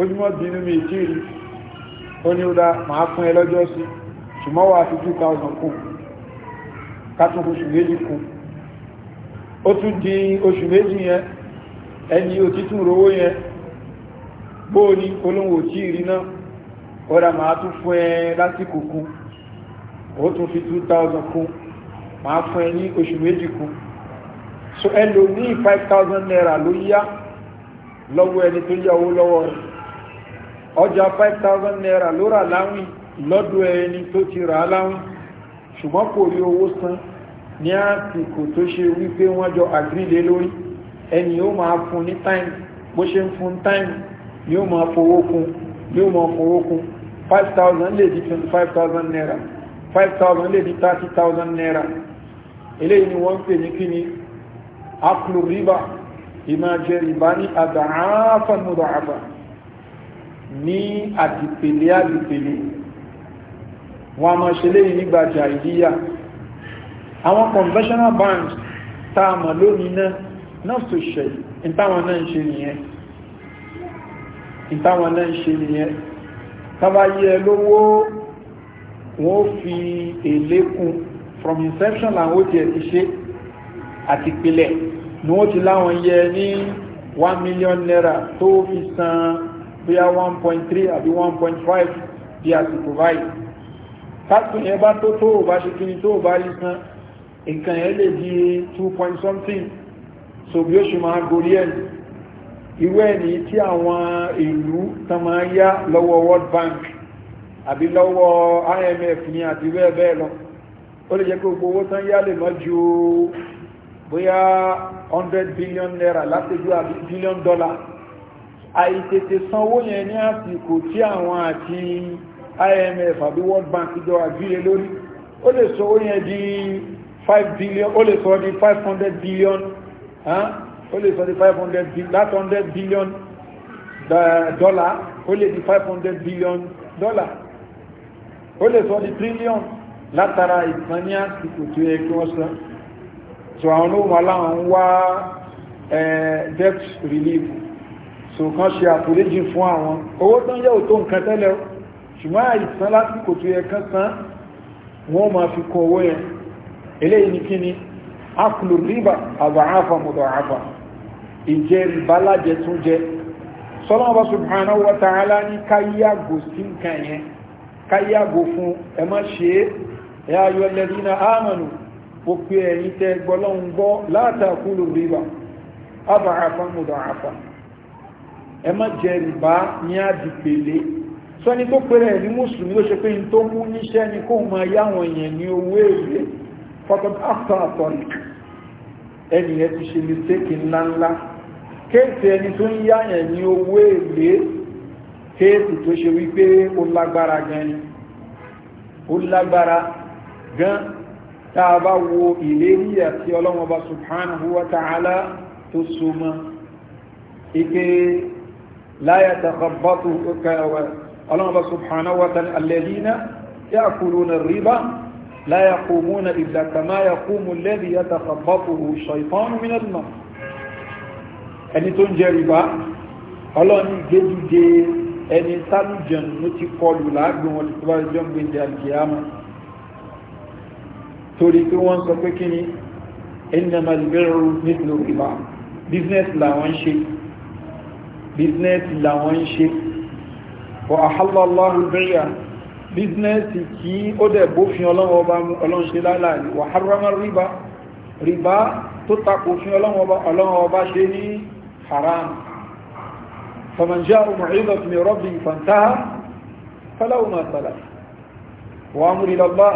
Speaker 1: ó ní mọ́ bínú mi tí rí ó ní ó dá màá fún ẹ lọ́jọ́ sí ṣùgbọ́n wà fi 2000 kún kátún oṣù méjì kún ó tún di oṣù méjì yẹn ẹni òtítún rówó yẹn bóò ní olóhùn òtí ìrìnà ọ̀rà máa tún fún ẹ lásìkò kún ó tún fi 2000 kún máa fún ẹ ní oṣù méjì kún so ẹlò ní 5000 naira ló yá lọ́wọ́ ẹni tó yá owó lọ́wọ́ rẹ̀ ọjà 5000 naira ló rà láwìn lọ́dọ̀ ẹni tó ti rà á láwìn ṣùgbọ́n kò rí owó san ní àsìkò tó ṣe wípé wọ́n jọ àgírílé ẹni ó máa fún ní táìmù bó ṣe ń fún táìmù ni ó máa fowó kún ni ó máa fowó kún five thousand lè di twenty five thousand naira five thousand lè di thirty thousand naira eléyìí ni wọ́n ń pè ní kíni aklu riba ìmájẹ riba ní àdáhàfà mùdàáfà ní àdìpèlé àdìpèlé wọn a máa ṣe léyìn nígbà jàìdíyà àwọn conventional banks tá a mọ̀ lónìí náà náà tó ṣe ìtàwọn náà ń ṣe nìyẹn ìtawọn náà ń ṣe nìyẹn tábà yẹ lówó wọn fi èlé from inception làwọn ó tiẹ̀ ti ṣe àti ìpìlẹ̀ ni wọ́n ti láwọn yẹ ní one million naira tó fi san bóyá one point three àbí one point five bí àsìkò báyìí tásùn yẹn bá tó tó ò bá ṣe kí ni tó ò bá rí san nǹkan yẹn lè di two point something so bí ó ṣe máa gorí ẹ̀ ìwé ẹni tí àwọn ìlú tán máa yá lọ́wọ́ world bank àbí lọ́wọ́ imf ní àti bẹ́ẹ̀ bẹ́ẹ̀ lọ ó lè jẹ́ pé gbogbo owó tán yá lè mọ́ ju bóyá 100 billion naira látẹ̀jú àbí billion dollar àìtètè sanwó yẹn ní àsìkò tí àwọn àti imf àbí world bank jọ àgbílẹ̀ lórí ó lè sọ ó yẹn di 5 billion ó lè sọ di 500 billion huh? ó lè sọ di five hundred láti hundred billion dollar ó lè di five hundred billion dollar ó lè sọ di trillion látara ìtàn ní àsìkò tó yẹ kí wọ́n san so àwọn olóhùn aláwọn ń wá debt relief so kan ṣe àforíjì fún àwọn owó tán yẹ́ òtó nǹkan tẹ́lẹ̀ ṣùgbọ́n àìsàn lásìkò tó yẹ kán san wọ́n ma fi kún owó yẹn eléyìí ni kí ni akùlù rìbà àbàáfà mọ̀dọ̀ àbàáfà ìjẹ́ rìbá lájẹ tún jẹ́ sọ́lọ́mọba wata ala ta'ala ní káyàgò sí nǹkan yẹn káyàgò fún ẹ má ṣe é ẹ ayọ̀ na ámànù ó pé ẹ̀yìn tẹ gbọ́lọ́hún gbọ́ látàkùlù rìbá abàáfà mùdàáfà ẹ má jẹ rìbá ní àdìpèlé sọ́ni tó pèrè ní mùsùlùmí ló ṣe pé ní tó mú níṣẹ́ ni kó máa yáwọn èèyàn ní owó kéèsì ẹni tó ń yáyàn ní owó èlé kéèsì tó ṣe wípé ó lágbára gan ni ó lágbára gan tá a bá wo ìlérí àti ọlọ́wọ́n bá subhanahu wa ta'ala tó so mọ́ ike láyà tàkàbọ́tù ọlọ́wọ́n bá subhanahu wa ta'ala alẹ́dínà yà kúrò na riba láyà kòmúnà ìdàkàmáyà kúmù lẹ́bi yà tàkàbọ́tù ẹni tó ń jẹ rìbá ọlọ́ni ìgbédìde ẹni tálùjẹun ló ti kọlù láàgbìn wọn tó bá jọ ń gbèdè àlùkìyàmà torí pé wọ́n sọ pé kí ni ẹnìyàmà ìbẹ̀rù nílò rìbá bísínẹ́sì làwọn ń ṣe bísínẹ́sì làwọn ń ṣe wọ àhálọ́láhù bẹ́yà bísínẹ́sì kí ó dẹ̀ bófin ọlọ́wọ́ bá mú ọlọ́ṣe láàrín wà hárámà rìbá rìbá tó takòfin ọlọ́wọ́ bá ṣe ní حرام فمن جاء معيذة من rabbi فانتهى falahu ma salaf wa amru ila Allah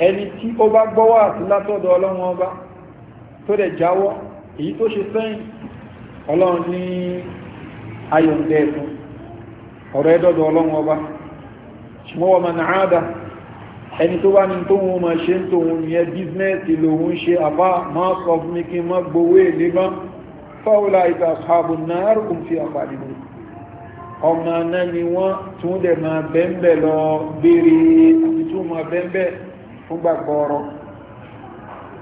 Speaker 1: ẹni tí ó bá gbọ́wọ́ àti látọ̀dọ̀ ọlọ́run ọba tó dẹ̀ jáwọ́ èyí tó ṣe sẹ́yìn ọlọ́run ní ayọ̀ǹdẹ̀ ẹ̀fún ọ̀rọ̀ ẹ̀dọ́dọ̀ ọlọ́run ọba ṣùgbọ́n wọ́n ma na ẹni tó bá ní tó wọn ma ṣe ń tó wọn yẹ bíznẹ́sì lòun ṣe àbá máa sọ fún mi gbowó èlé máa fáwọlá ìgbà àṣàbò náà rùkùn fi àpàdìmọ̀ ọmọ náà ni wọ́n tún dẹ̀ máa bẹ́ẹ̀bẹ̀ lọ béèrè àti tún máa bẹ́ẹ̀bẹ̀ fún gbàgbọ́ ọ̀rọ̀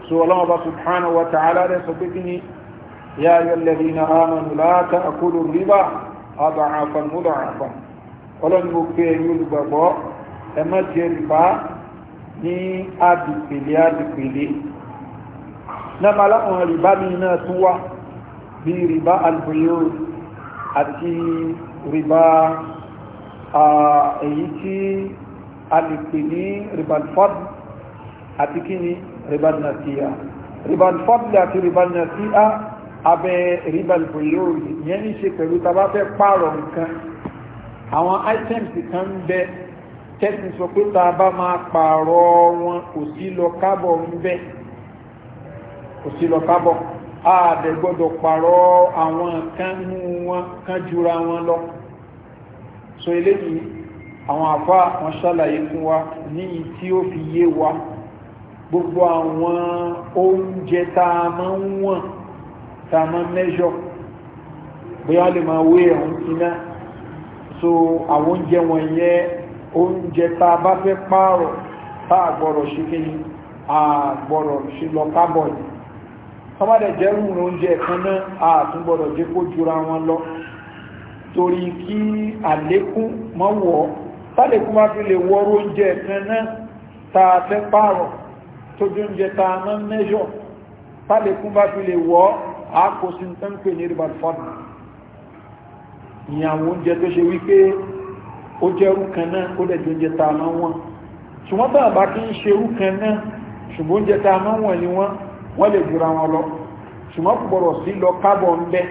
Speaker 1: so ọlọ́wọ́ bá subhanahu wa ta'ala rẹ̀ sọ pé kí ni ya yọ lẹ́bi na amanu láta àkúlù rírà àbàáfàn náà máa láwọn rìbá náà tún wá bí rìbá albuyo àti rìbá èyí tí a lè pè ní rìbá alfad àti kí ni rìbá nàtíyà rìbá alfad àti rìbá nàtíyà abẹ́ rìbá albuyo yẹn ní ṣe pẹ̀lú tàbá fẹ́ pààrọ̀ nǹkan àwọn items kan bẹ tẹ́sí sọ pé tá bá máa pààrọ̀ wọn kò sí lọ kábọ̀ ń bẹ kò sí lọ kábọ̀ ààbẹ̀ gbọ́dọ̀ pàrọ̀ àwọn kan mú wọn kan jura wọn lọ so eléyìí àwọn àfá wọn ṣàlàyé fún wa ní tí ó fi yé wa gbogbo àwọn oúnjẹ tá a máa ń wọ̀n tá a máa mẹ́ṣọ̀ bóyá lè máa wé ẹ̀hún síná so àwọn oúnjẹ wọ̀nyẹn oúnjẹ tá a bá fẹ́ pààrọ̀ tá a gbọ́dọ̀ ṣe kéyìn a gbọ́dọ̀ ṣe lọ kábọ̀ kọmọdé jẹ́rùn oúnjẹ kan náà àtúngbọ́dọ̀ jẹ́ kó jura wọn lọ torí kí àlékún mọ́ wọ́ tàlékún wá fi lè wọ́rú oúnjẹ kan náà ta fẹ́ pààrọ̀ tó jẹ́ oúnjẹ ta mọ́ mẹ́ṣọ̀ tàlékún bá fi lè wọ́ àkóso tó ń pè ní ribal fọ́nà ìyàwó oúnjẹ tó ṣe wípé ó jẹ́rú kan náà ó dẹ̀ jẹ́ oúnjẹ ta mọ́ wọn ṣùgbọ́n tàbá kí ń ṣerú kan náà ṣùgbọ́n oúnjẹ ta mọ́ wọn ni wọ́n wọ́n lè jura wọn lọ ṣùgbọ́n kò gbọ́dọ̀ sí lọ kábọ̀ ń bẹ́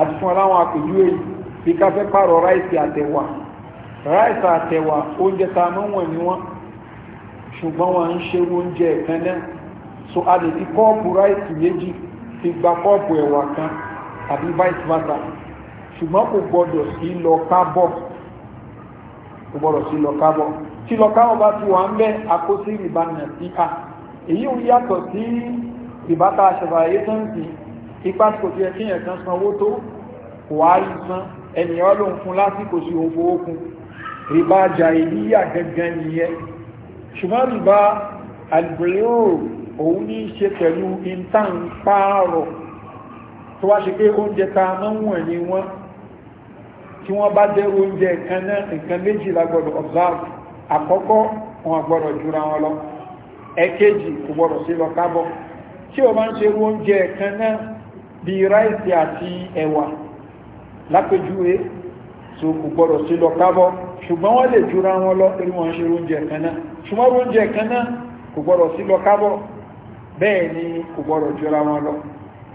Speaker 1: àti fún aláwọn àpèjúwe yìí bí ká fẹ́ pààrọ̀ ráìsì àtẹ̀wà ráìsì àtẹ̀wà oúnjẹ tá a mọ̀ wọ̀n ni wọ́n ṣùgbọ́n wọn ń ṣe oúnjẹ ẹ̀kan so a lè fi kọ́ọ̀pù ráìsì méjì fi gba kọ́ọ̀pù ẹ̀wà kan àbí vice versa ṣùgbọ́n kò gbọ́dọ̀ sí lọ kábọ̀ kò gbọ́dọ̀ sí lọ kábọ̀ tí lọ kábọ̀ bá ti wà ń bẹ́ àkóso ìrìbánà sí èyí ò yàtọ̀ sí ìbáta àṣàbàyé tọ́ǹtì ipa tí kò fi ẹkí yẹn kan sanwó tó kò á rí san ẹnìyàn ọlọ́run fún lásìkò sí owó okun rìbá jà ìníyà gangan nìyẹn ṣùgbọ́n rìbá àlùbẹ̀rẹ̀ òun ní ṣe pẹ̀lú intan pààrọ̀ tó wá ṣe pé oúnjẹ ta mọ́wọ̀n ni wọ́n tí wọ́n bá dẹ́ oúnjẹ kan náà nǹkan méjìlá gbọ́dọ̀ observe àkọ́kọ́ wọn gbọ́dọ̀ jura wọn lọ́wọ́ ẹ̀kejì kò gbọ́dọ̀ sí lọ kábọ̀ tí o máa ń ṣe oúnjẹ kan náà bí ráìsì àti ẹ̀wà lápẹjúwe so kò gbọ́dọ̀ sí lọ kábọ̀ ṣùgbọ́n wọ́n lè jura wọn lọ pé wọ́n ń ṣe oúnjẹ kan náà ṣùgbọ́n oúnjẹ kan náà kò gbọ́dọ̀ sí lọ kábọ̀ bẹ́ẹ̀ ni kò gbọ́dọ̀ jura wọn lọ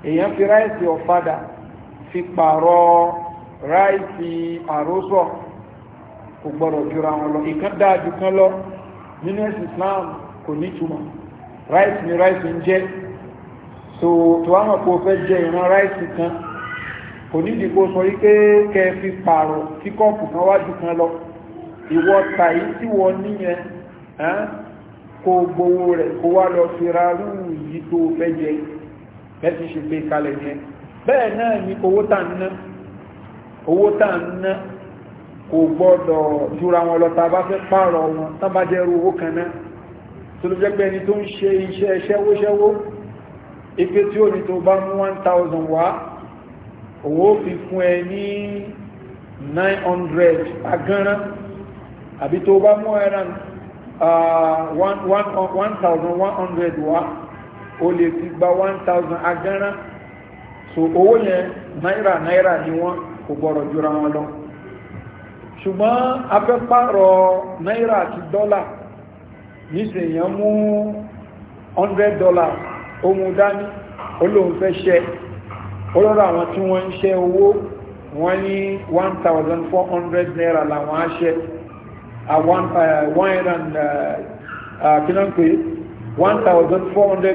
Speaker 1: èèyàn fi ráìsì ọ̀fadà fi pààrọ̀ ráìsì àrósọ̀ kò gbọ́dọ̀ jura wọn lọ ìkan dáa jù kan lọ nínú ẹ̀sìn Islam kò ní túmọ̀ ráìsì ni rice ń jẹ́ so tó wá mọ̀ pé o fẹ́ jẹ ìran ráìsì kan kò ní ìdìbò sọ wípé kẹ fi pààrọ̀ kí kọ́ọ̀pù kan wájú kan lọ ìwọ tàyí tí wọ́n níyẹn kó gbowó rẹ̀ kó wá lọ fi ra rú yìí tó fẹ́ jẹ bẹ́ẹ̀ ṣe gbé kalẹ̀ yẹn bẹ́ẹ̀ náà ni owó tà ń ná owó tà ń ná kò gbọ́dọ̀ jura wọn lọ tá a bá fẹ́ pààrọ̀ wọn tá a bá jẹ́ ru owó kan náà tó ló jẹ́ pé ẹni tó ń ṣe iṣẹ́ ṣẹ́wóṣẹ́wó ipé tí ó ní tó bá mú 1000 wá owó fi fún ẹ ní 900 agánrán àbí tó bá mú ẹran 1100 wá o lè fi gba 1000 agánrán so owó yẹn náírà náírà ni wọ́n kò gbọ́rọ̀ jura wọn lọ ṣùgbọ́n afẹ́pàrọ̀ náírà àti dọ́là níṣẹ́ èèyàn mú 100 dollar ohun dání olóhun fẹ́ ṣẹ́ olóòrò àwọn tí wọ́n ń ṣẹ́ owó wọ́n ní 1400 naira làwọn aṣẹ́ a 1400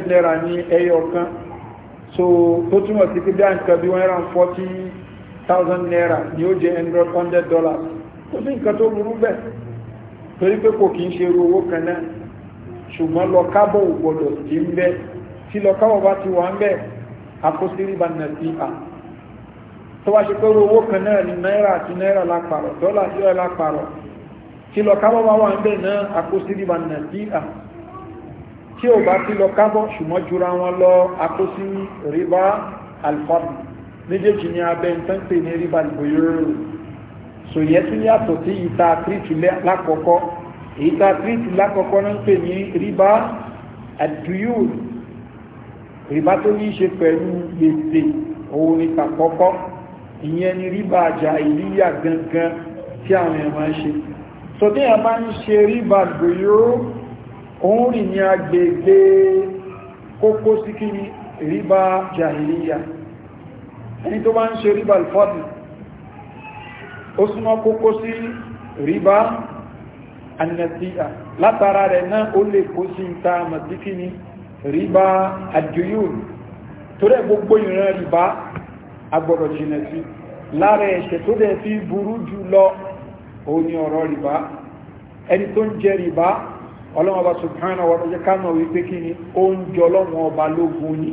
Speaker 1: naira ní ẹyọ kan so tó túnmọ̀ sí pé bí a ń kẹ́ bí 140000 naira ni ó jẹ́ 100 dollars tó sí nǹkan tó burú bẹ́ẹ̀ torí pé kò kí ń ṣe owó kan náà ṣùgbọ́n lọ kábọ̀ ò gbọdọ̀ sí ń bẹ́ tí lọ kábọ̀ bá ti wà ń bẹ́ àkóṣíríbà nà sí à tó wá ṣe pé owó kan náà ni náírà àti náírà lápàrọ̀ dọ́là sí ọ̀la pàrọ̀ tí lọ kábọ̀ bá wà ń bẹ́ náà àkóṣíríbà nà sí à tí ò bá ti lọ kábọ̀ ṣùgbọ́n jura wọn lọ àkóṣíríbà alfọ́ọ̀mù méjèèjì ni abẹ́ ń tán pè ní ríbà ìgbòyóró so yẹ tún yàtọ̀ sí ìta àkíríkì lákọ̀ọ́kọ́ èyí tá tírítì lákọ̀ọ́kọ́ náà ń pè ní ríbá àdúyùl ríbá tó ní í ṣe pẹ̀lú gbèsè òun ní tàkọ́kọ́ ìyẹn ni ríbá àjà ìlíyà gangan tí àwọn èèyàn máa ń ṣe so tí èèyàn máa ń ṣe ríbá àdúyùl òun rìn ní agbègbè kókó sí kí ni ríbá jàìlíyà ẹni tó bá ń ṣe ríbá alfọ́dù ó súnmọ́ kókó sí ríbá annasiya látara rẹ̀ náà ó lè kó sí ta màtíkì ni ríbá àdúyùn torí ẹ̀ gbogbo ìran ríbá agbọ̀dọ̀ jìnà sí lára ẹ̀ṣẹ̀ tó dẹ̀ fi burú jù lọ òun ni ọ̀rọ̀ ríbá ẹni tó ń jẹ ríbá ọlọ́wọ́ bá subhanahu wa ta'ala kánà wípé kí ni ó ń jọ ọlọ́wọ́ ọba lógun ni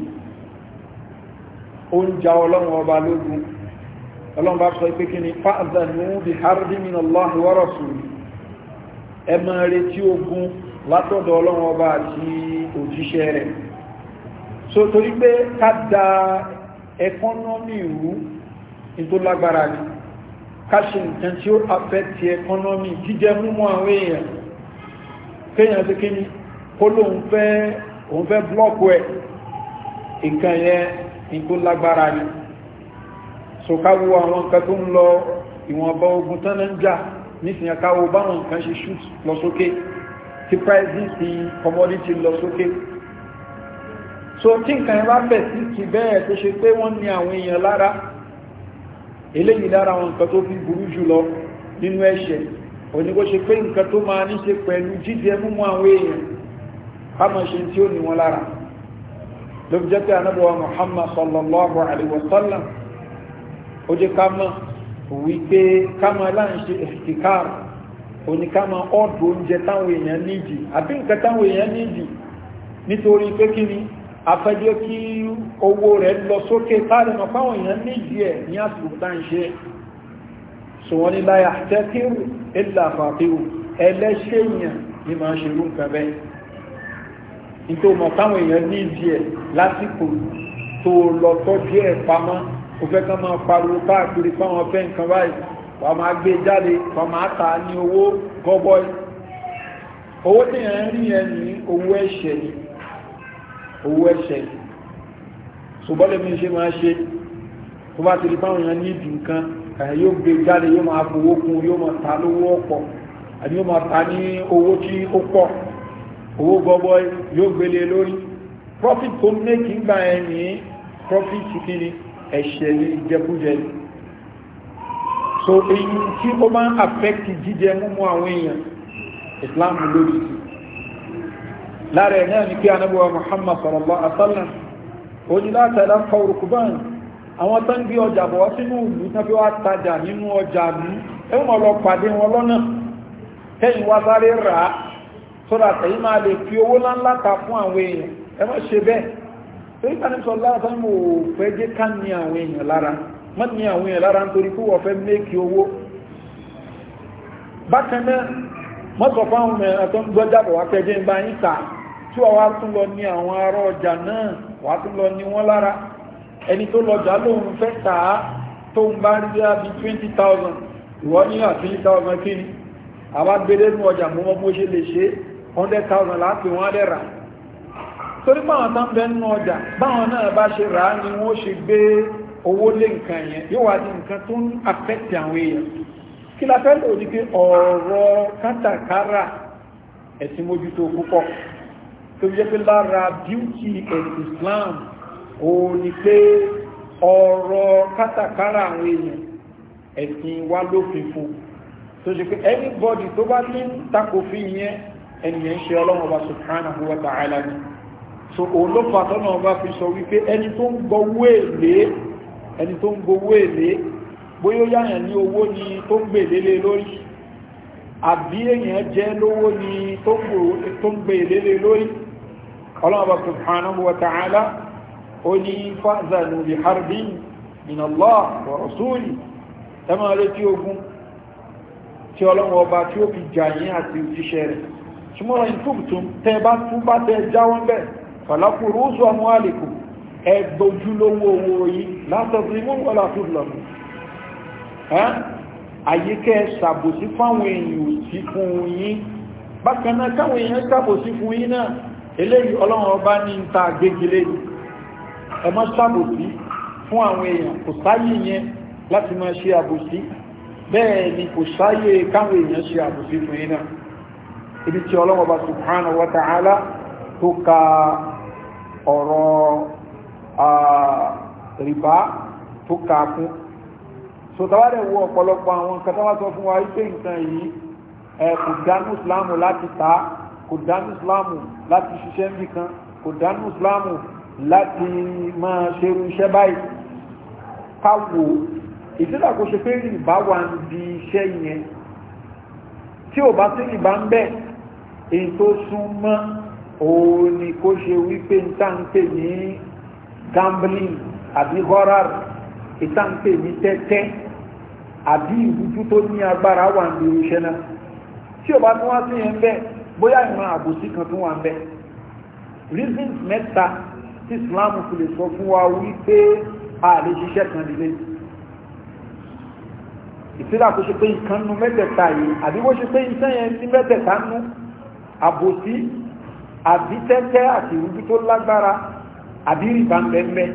Speaker 1: ó ń ja ọlọ́wọ́ ọba lógun ọlọ́wọ́ bá sọ pé kí ni fa'zanu bi harbi min Allah wa rasuli ẹ máa retí ogun látọ̀dọ̀ ọlọ́run ọba àti òjíṣẹ́ rẹ̀ so torí pé ká da ẹkọ́nọ́mì rú ní tó lágbára ni ká ṣe nǹkan tí ó affect ẹkọ́nọ́mì jíjẹ múmú àwọn èèyàn kéèyàn ti kí ni kó lóun fẹ́ nísìnyí káwọ báwọn nǹkan ṣe shoot lọ sókè tí prices ti commodity lọ sókè so tí nǹkan bá bẹ̀ sí ti bẹ́ẹ̀ tó ṣe pé wọ́n ní àwọn èèyàn lára eléyìí lára àwọn nǹkan tó fi burú jùlọ nínú ẹ̀ṣẹ̀ onígbó ṣe pé nǹkan tó máa ní ṣe pẹ̀lú jíjẹ múmú àwọn èèyàn kámọ̀ ṣe tí ó ní wọn lára ló fi jẹ́ pé anábọ̀wá muhammad sallallahu alaihi wasallam ó jẹ́ ká mọ̀ wípé kama ń ṣe ìfikàr oníkàmá ọ̀dọ̀ oúnjẹ táwọn èèyàn nídìí àbí nǹkan táwọn èèyàn nídìí nítorí pé kí ni afẹ́jọ́ kí owó rẹ̀ lọ sókè táàrí mọ̀ fáwọn èèyàn nídìí ẹ̀ ní àsìkò tá ń ṣe so wọ́n ní láyà tẹ́kírù ilẹ̀ ẹlẹ́ṣẹ́ èèyàn ni máa ṣe rú nǹkan bẹ́ẹ̀ nítorí mọ̀ fáwọn èèyàn nídìí ẹ̀ lásìkò tó lọ tọ́jú ẹ̀ pamọ́ ó fẹ́ kán máa pariwo káàkiri fáwọn fẹ́ nǹkan báyìí wà máa gbé e jáde wà máa tà ní owó gọ́bọ́ì owó tí yẹn ń rí yẹn ní owó ẹ̀ṣẹ̀ ni owó ẹ̀ṣẹ̀ ni ṣùgbọ́n lèmi ṣe máa ṣe tó bá ti rí fáwọn èèyàn ní ìdì nǹkan yóò gbé e jáde yóò máa fowó kún yóò máa ta lówó ọ̀pọ̀ àti yóò máa ta ní owó tí ó pọ̀ owó gọ́bọ́ì yóò gbélé e lórí profit tó ń ń gbà ẹ̀ ní profit kí ni ẹ̀ṣẹ̀ ní so èyí tí ó máa ń affect jíjẹ múmú àwọn èèyàn islam lórí sí lára ni pé anábíwá muhammad sallallahu alaihi wasallam ó ní látàlá awọn àwọn tó gbé ọjà bọ̀ wá sínú ìlú tó fi wá tajà nínú ọjà mú lọ pàdé wọn lọ́nà wá sáré rà á ta fún àwọn èèyàn ẹ má ṣe bẹ́ẹ̀ torí kanisọ láàbá mo fẹ́ jẹ́ ká ní àwọn èèyàn lára má ní àwọn èèyàn lára nítorí pé wọ́n fẹ́ méèkì owó bákan náà mọ́sọ̀ fáwọn ẹ̀tọ́ ń gbọ́jábọ̀ wá pẹ́ jẹ́ ń bá yín ta tí wọ́n wá tún lọ ní àwọn ará ọjà náà wá tún lọ ní wọ́n lára ẹni tó lọjà lóhun fẹ́ tà á tó ń bá rí bí 20,000 ìwọ́n ní àti 3,000 kí ni àbá gbé lẹ́nu ọjà mọ́ ṣe lè ṣe 100,000 láti wọ́n á dẹ̀ rà torí báwọn tán bẹ nínú ọjà báwọn náà bá ṣe rà á ni wọ́n ṣe gbé owó lé nǹkan yẹn yóò wá di nǹkan tó ń affect àwọn èèyàn kí la fẹ́ lò ní pé ọ̀rọ̀ kátàkárà ẹ̀sìn mójútó púpọ̀ tó jẹ́ pé lára beauty and Islam o ní pé ọ̀rọ̀ kátàkárà àwọn èèyàn ẹ̀sìn wá lófin fún tó ṣe pé anybody tó bá ní takòfin yẹn ẹnìyàn ṣe ọlọ́run ọba subhanahu wa ta'ala ni so òun ló fà tọ́nà ọba fi sọ wípé ẹni tó ń gbowó èlé ẹni tó ń gbowó èlé bóyá ó yáyàn ní owó ni tó ń gbè lélé lórí àbí èèyàn jẹ́ lówó ni tó ń gbè lórí ọlọ́ọ̀bà subhanahu wa ta'ala ó ní fàzànù tí ọlọ́wọ́ ọba tí bá tún bá tẹ jáwọ́ bẹ́ẹ̀ fàlákùrú oṣù àwọn àlèkù ẹgbójúlówó owó yìí látọ̀tún imú wọ́n látún lọ àyíkẹ́ ṣàbòsí fáwọn èèyàn sí fún yín bákan náà káwọn èèyàn ṣàbòsí fún yín náà eléyìí ọlọ́run ọba ní ta gbégilé ẹ má ṣàbòsí fún àwọn èèyàn kò sáyé yẹn láti máa ṣe àbòsí bẹ́ẹ̀ ni kò sáyé káwọn èèyàn ṣe àbòsí fún yín náà ibi tí ọlọ́run ọba subhanahu wa ta'ala tó ka ọ̀rọ̀ rìbá tó ká fún so tàwádẹ̀ wo ọ̀pọ̀lọpọ̀ àwọn nǹkan tó wá sọ fún wa wípé nǹkan yìí ẹ kò dánú ìsìláàmù láti ta kò dánú ìsìláàmù láti ṣiṣẹ́ nìkan kò dánú ìsìláàmù láti máa ṣe irú iṣẹ́ báyìí káwò ìtìlá kò ṣe pé rìbá wà ń di iṣẹ́ yẹn tí ò bá sí rìbá ń bẹ̀ èyí tó sún mọ́ òun ni kó ṣe wípé ń tàǹpè ní gambling àbí horror ìtàǹpè ní tẹ́tẹ́ àbí ìrújú tó ní agbára wà ní irúṣẹ́ náà tí ò bá tún wá sí yẹn ń bóyá ìran àbòsí kan tún wà ń bẹ́ reasons mẹ́ta tí islam fi lè sọ fún wa wípé a lè ṣiṣẹ́ kan nílé ìsílà kó ṣe pé ìkànnú mẹ́tẹ̀ẹ̀ta yìí àbí bó ṣe pé iṣẹ́ yẹn ní mẹ́tẹ̀ẹ̀ta nú àbòsí àbí tẹ́tẹ́ àti ìrújú tó lágbára àbí rìbá mbẹ́mbẹ́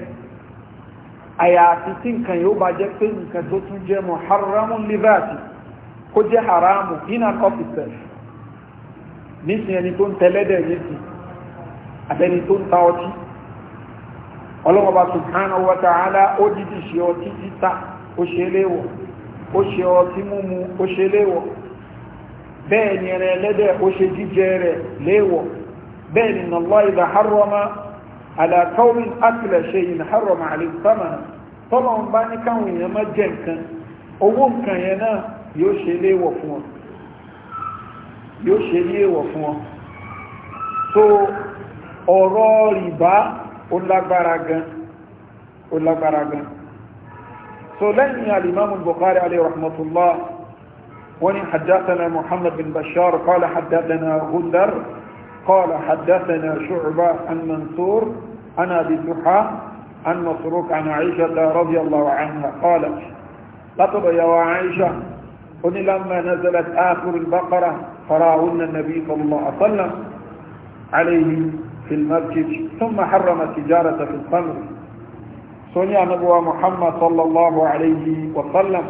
Speaker 1: àyàfi tí nǹkan yóò bá jẹ́ pé nǹkan tó tún jẹ́ mọ̀ haramu libati kó jẹ́ haramu in an officer nísìnyí ẹni tó ń tẹ́lẹ́dẹ̀ nísìn àbẹ́ni tó ń ta ọtí ọlọ́mọba subhanahu wa ta'ala ó dídì ṣe ọtí títà ó ṣe léwọ̀ ó ṣe ọtí múmu ó ṣe léwọ̀ bẹ́ẹ̀ ni ẹ̀rẹ̀ ẹlẹ́dẹ̀ ó bẹ́ẹ̀ إن الله إذا حرم على àtìlẹ̀ ṣe شيء harọ́mà عليه tọ́lọ̀ ń bá ní káwọn èèyàn má jẹ nǹkan owó nǹkan وفون، náà yóò so ọ̀rọ̀ rìbá ó lágbára gan ó lágbára gan so lẹ́yìn alìmọ́mù bukari alayhi rahmatullah wọ́n ni hajjátana muhammad bin bashar kọ́lá hajjátana hundar قال حدثنا شعبة عن منصور عن أبي عن مصروف عن عائشة رضي الله عنها قالت لطب يا عائشة قل لما نزلت آخر البقرة فراهن النبي صلى الله عليه وسلم عليه في المسجد ثم حرم التجارة في الخمر سنيا نبوة محمد صلى الله عليه وسلم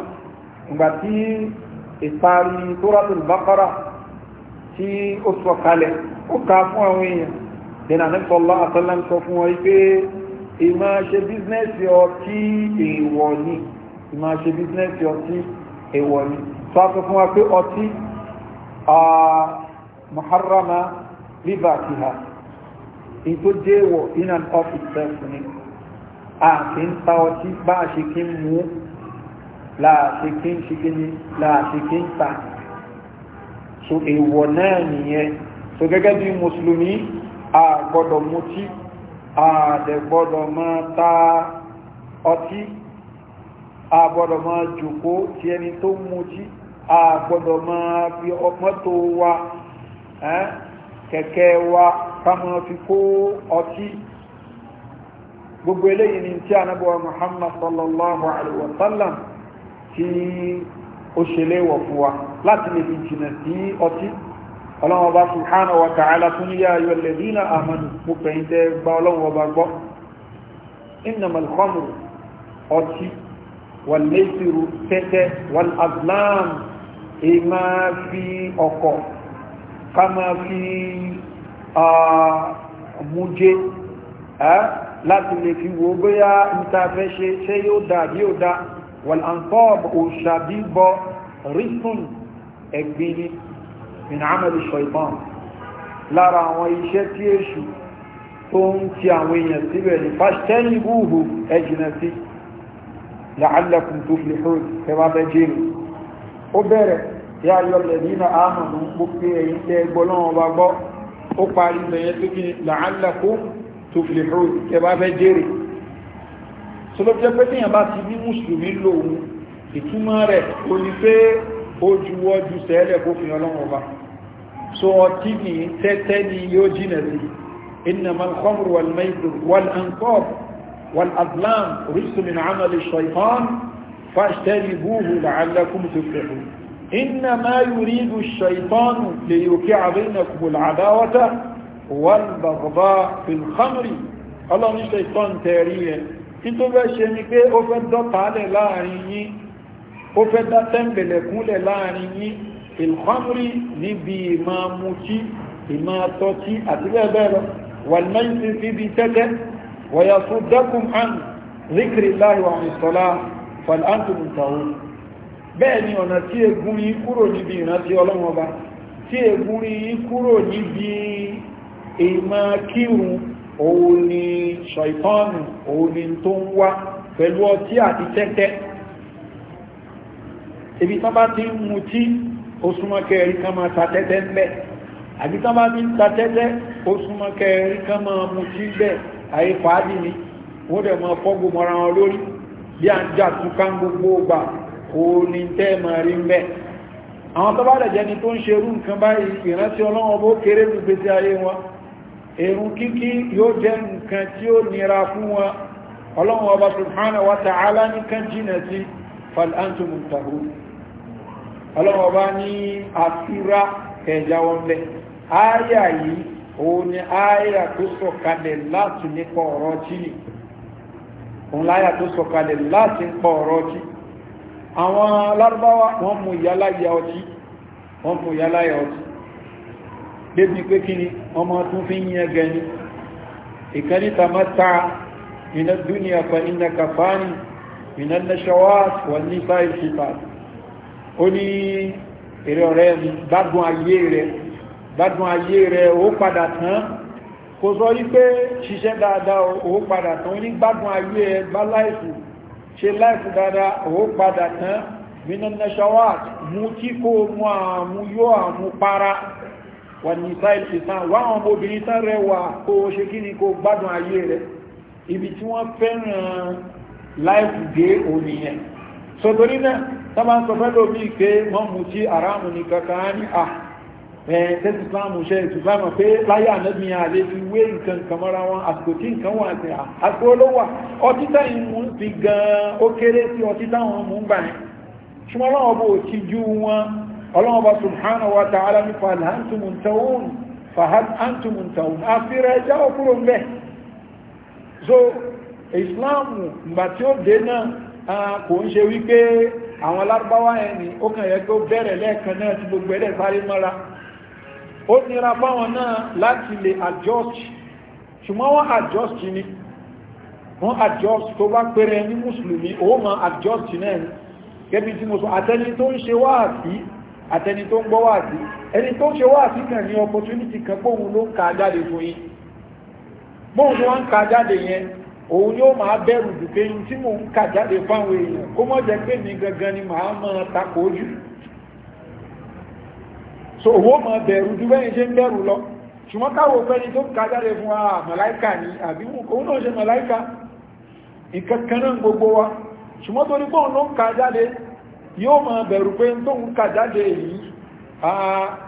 Speaker 1: وباتي إطاري سورة البقرة tí ó sọ kalẹ̀ ó ká fún àwọn èèyàn dẹ̀nà nípọ̀lá àtọ́lá ń sọ fún wọn pé ìmá ṣe bíznẹ́sì ọtí èèwọ̀ ni ìmá ṣe bíznẹ́sì ọtí èèwọ̀ ni tó a sọ fún wa pé ọtí muharrama libatiha in tó jẹ́ wọ̀ in and of itself ni a kì ń ta ọtí bá a ṣe kí ń mú láàṣe kí ń ṣe kí ń ta so èèwọ̀ náà nìyẹn so gẹ́gẹ́ bí mùsùlùmí a gbọ́dọ̀ mutí a dẹ̀ ma taa ta ọtí a gbọ́dọ̀ ma jòkó tí ẹni tó mutí a gbọ́dọ̀ máa fi mọ́tò wa kẹ̀kẹ́ wa káwọn fi kó ọtí gbogbo eléyìí ni tí anábọ̀ muhammad sallallahu alaihi wasallam ti ó ṣe léwọ̀ fún wa láti lè fi jìnà sí ọtí ọlọ́run ọba subhanahu wa ta'ala tún yá ayọ̀ lẹ́dínà àmàlù mo pẹ̀yìn tẹ́ gba ọlọ́run ọba gbọ́ innamal khamru láti lè fi wo bóyá níta fẹ́ ṣe ṣé yóò dá àbí yóò dá والأنصاب والشبيب رزق أكبيني من عمل الشيطان لا رأويشة يشو تون تيعوين يتبعني فاجتنبوه أجنسي لعلكم تفلحون كما بجيري وبرك يا أيها الذين آمنوا مكتئين تيقولون وبابا ó parí bẹ̀yẹ tó kí la'allakum tuflihun kẹba tó ló jẹ́ pé tíyàn bá ti ní mùsùlùmí lòun ìtumọ̀ rẹ̀ o ní pé ó juwọ́ ju sẹ́ẹ̀lẹ̀ kó fi ọlọ́run ọba so ọtí ni tẹ́tẹ́ ni yóò jìnà sí إنما الخمر والميسر والأنصاب والأظلام رجس من عمل الشيطان فاجتنبوه لعلكم تفلحون إنما يريد الشيطان ليوقع بينكم العداوة والبغضاء في الخمر الله الشيطان تاريه tó fẹ́ ṣe ni pé ó fẹ́ dọ́tàálẹ̀ láàrin yín ó fẹ́ dá tẹ́m̀bẹ̀lẹ̀kúnlẹ̀ láàrin yín ìlúkọ́mùrí níbi ìmá mutí ìmá tọ́tí àti bẹ́ẹ̀ lọ wàlmẹ́sì síbi tẹ́tẹ́ wọ̀yà fún dẹ́kùn án zikiri tí egun yí kúrò òun ni ṣọ̀ìtọ́nù òun ni tó ń wá pẹ̀lú ọtí àti tẹ́tẹ́ ibi tán bá ti ń mu tí ó súnmọ́ kẹrí kan máa ta tẹ́tẹ́ ń bẹ́ àbí tán bá ti ń ta tẹ́tẹ́ ó súnmọ́ kẹrí kan máa mu tí bẹ́ àyè fàájì ni wọ́n dẹ̀ máa fọ́gbò mọ́ra wọn lórí bí à ń jà túká gbogbo ọgbà òun ni tẹ́ máa rí ń bẹ́ àwọn tó bá dẹ̀ jẹ́ni tó ń ṣerú nǹkan báyìí ìrántí ọlọ́wọ́n bó kéré gbèsè ayé wọn èrùn kíkí yóò jẹ́ nǹkan tí ó nira fún wọn ọlọ́run ọba subhanahu wa ta'ala nìkan jìnà sí fal'antum tahu ọlọ́run ọba ní àfíra ẹ̀já wọn lẹ̀ ááyà yìí òun ni ááyà tó sọ̀kalẹ̀ láti nípa ọ̀rọ̀ tí ni òun láyà tó sọ̀kalẹ̀ láti nípa ọ̀rọ̀ tí àwọn alárúbáwá wọ́n mú ìyáláyà ọtí ọtí débi pé kí ni ọmọ tún fi ń yẹn gẹni ìkànnì tàmátà iná dúnìyà fa iná kàfáàní iná nashawat wà ní sáì síta ó ní èrè ọ̀rẹ́ mi gbádùn ayé rẹ̀ gbádùn ayé rẹ̀ ó padà tán kò sọ wípé ṣiṣẹ́ dáadáa ó padà tán ní gbádùn ayé ẹ̀ bá láìsù ṣe láìsù dáadáa ó padà tán minan nashawat mú tí mú àmú yóò àmú para wà ní ìsáìlì ìsán wáwọn obìnrin tán rẹwà kó o ṣe kí ni kó gbádùn ayé rẹ̀ ibi tí wọ́n fẹ́ràn láìpù dé òní yẹn so torí náà tábà ń sọ fẹ́ lómi pé wọ́n mú sí aráàmù ní kankan ah, ní à ẹ̀ tẹ́sí islam ṣe ìtùsáàmù pé láyé ah, ṣùgbọ́n láwọn bò wọn ọlọ́wọ́ba subhanahu wa ta'ala ní fàhàl antumun tawun fàhàl antumun tawun àfihàn ẹja so islam ìgbà tí ó dé náà kò ń ṣe wípé àwọn alárúbáwá yẹn ni ó kàn yẹ kó bẹ̀rẹ̀ lẹ́ẹ̀kan náà tí gbogbo ẹ̀rẹ́ sáré mọ́ra ó nira fáwọn náà láti lè adjust ṣùgbọ́n wọ́n adjust ni wọ́n adjust tó bá pẹ̀rẹ̀ ní mùsùlùmí ó máa adjust náà gẹ́bí tí mo sọ àtẹni tó ń ṣe wáàbí àtẹni tó ń gbọ́ wà sí ẹni tó ṣe wà sí kàn ní opportunity kan bóhun ló ń ka jáde fún yín bóhun ló ń ka jáde yẹn òun yóò máa bẹ̀rù dùpé yín tí mò ń ka jáde fáwọn èèyàn kó mọ́ jẹ́ pé mi gangan ni màá máa takò jù so owó máa bẹ̀rù ju bẹ́yìn ṣe ń bẹ̀rù lọ ṣùgbọ́n káwọ pẹ́ni tó ń ka jáde fún wa màláìkà ni àbí òun náà ṣe màláìkà ìkankan náà gbogbo wa ṣùgbọ́n torí pé ló ń ka jáde yóò máa bẹ̀rù pé tó ń kà jáde yìí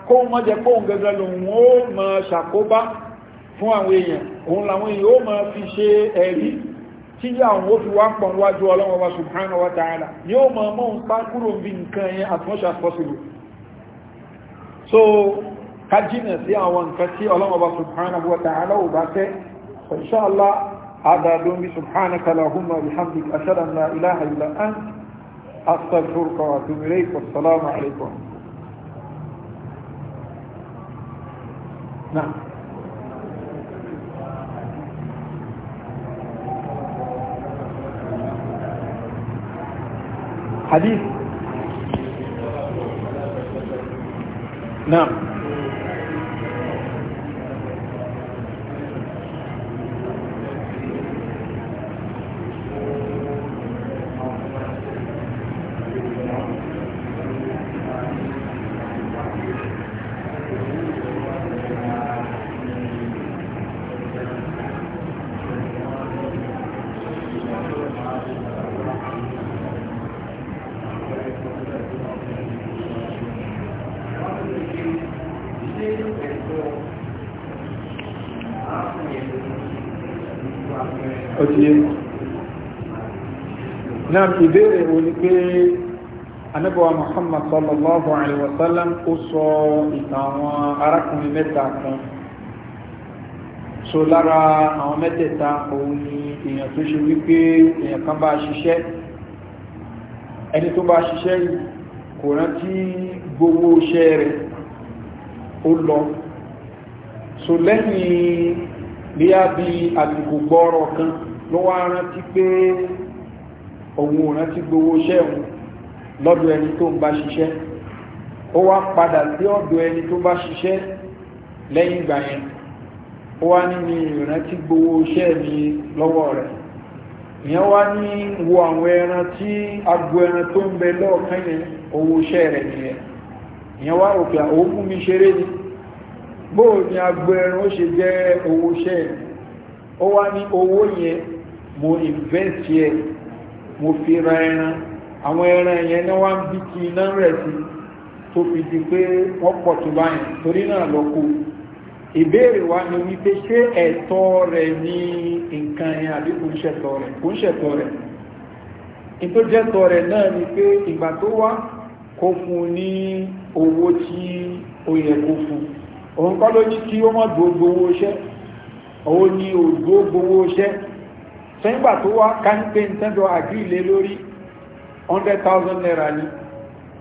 Speaker 1: kó mọ́ jẹ pé òun gẹ́gẹ́ lòun ó máa ṣàkóbá fún àwọn èèyàn òun làwọn èèyàn ó máa fi ṣe ẹ̀rí tí àwọn ó fi wá pọ̀ níwájú ọlọ́wọ́ wa ta'ala yóò máa mọ́ ń as much as possible so ká jìnà sí àwọn nǹkan wa ta'ala ò inshallah adadun bi subhanaka lahumma bihamdik ashhadu an ilaha illa شركة وأتوب إليك والسلام عليكم نعم حديث نعم náà ìbéèrè wo ni pé anábọ̀wá muhammad sallallahu alayhi wa sallam ó sọ ìtàn àwọn arákùnrin mẹ́ta kan so lára àwọn mẹ́tẹ̀ẹ̀ta òun ni èèyàn tó ṣe wípé èèyàn kan bá ṣiṣẹ́ ẹni tó bá ṣiṣẹ́ kò rántí gbogbo iṣẹ́ rẹ̀ ó lọ so lẹ́yìn bí a bí àtìkò gbọ́rọ̀ kan ló wá rántí pé òun ò ti gbowó iṣẹ́ òun lọ́dọ̀ ẹni tó ń bá ṣiṣẹ́ ó wá padà sí ọ̀dọ̀ ẹni tó bá ṣiṣẹ́ lẹ́yìn ìgbà yẹn ó wá ní mi tí gbowó iṣẹ́ mi lọ́wọ́ rẹ̀ ìyẹn wá ní wo àwọn ẹran tí agbo ẹran tó ń bẹ yẹn owó iṣẹ́ rẹ̀ nìyẹn ni bóò ni agbo ẹran mo fi ra ẹran àwọn ẹran yẹn ní wọ́n bí kí iná rẹ̀ sí tó fi di pé wọ́n pọ̀ tó báyìí torí náà lọ kó ìbéèrè wa ni wípé ṣé ẹ̀tọ́ rẹ̀ ní nǹkan yẹn àbí kò ń ṣẹ̀tọ́ rẹ̀ kò ń ṣẹ̀tọ́ rẹ̀ ìtòjẹ́tọ̀ rẹ̀ náà ni pé ìgbà tó wá kó fún ní owó tí ó yẹ kó fún òun kọ́ ló ní kí ó mọ̀ gbogbo owó iṣẹ́ òun ni ògbó gbogbo iṣẹ́ sẹ́yìnbà tó wá káńpé ìtẹ́jọ àgbílé lórí 100,000 naira ní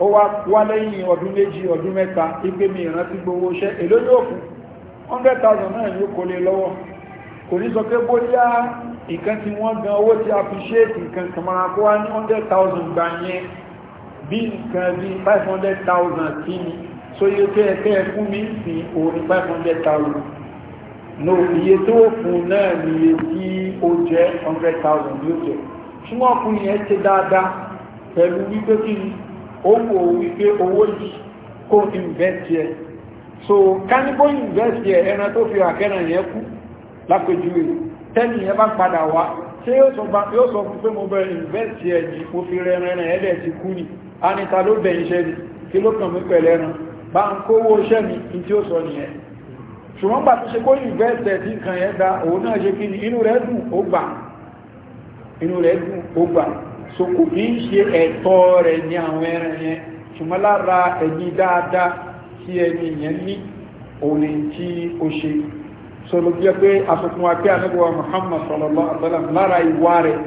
Speaker 1: ó wá wá lẹ́yìn ọdún méjì ọdún mẹ́ta ipé mi ìrántí gbowó ṣẹ́ èló yóò fún 100,000 náà yóò kó lè lọ́wọ́ kò ní sọ pé bóyá nǹkan tí wọ́n gan owó tí a fi ṣe ètì nǹkan kàmàrà kó wá ní 100,000 gbà yẹn bí nǹkan bí 500,000 kí ni so yóò tẹ́ ẹ̀kẹ́ fún mi sí òun 500,000 no iye tó fún náà ni iye tí ó jẹ́ 100,000 ló jẹ́ ṣùgbọ́n ọkùnrin yẹn ṣe dáadáa pẹ̀lú wípé kí ni ó wò wípé owó yìí kó invest yẹ so káníkó invest yẹ ẹran tó fi àkẹ́ràn yẹn kú lápèjúwe tẹ́lì yẹn bá padà wá ṣé yóò sọ fún pé mo bẹ̀rẹ̀ invest yẹ ní mo fi rẹran ẹ̀ẹ́dẹ̀ ti kú ni a níta ló bẹ̀yìn iṣẹ́ ni kí ló kàn mí pẹ̀lẹ́ran bá ń kówó iṣẹ́ mi tí ó sọ nìyẹn ṣùgbọ́n gbà tó ṣe kó invest ẹ̀ tí nǹkan yẹn da òun náà ṣe kí ni inú rẹ̀ dùn ó gbà inú rẹ̀ dùn ó gbà so kò ní ṣe ẹ̀tọ́ rẹ̀ ní àwọn ẹran yẹn ṣùgbọ́n lára ẹ̀yìn dáadáa tí ẹni yẹn ní òní tí ó ṣe so ló jẹ́ pé asokun àti anábíwá muhammad sallallahu alaihi wasallam lára ìwà rẹ̀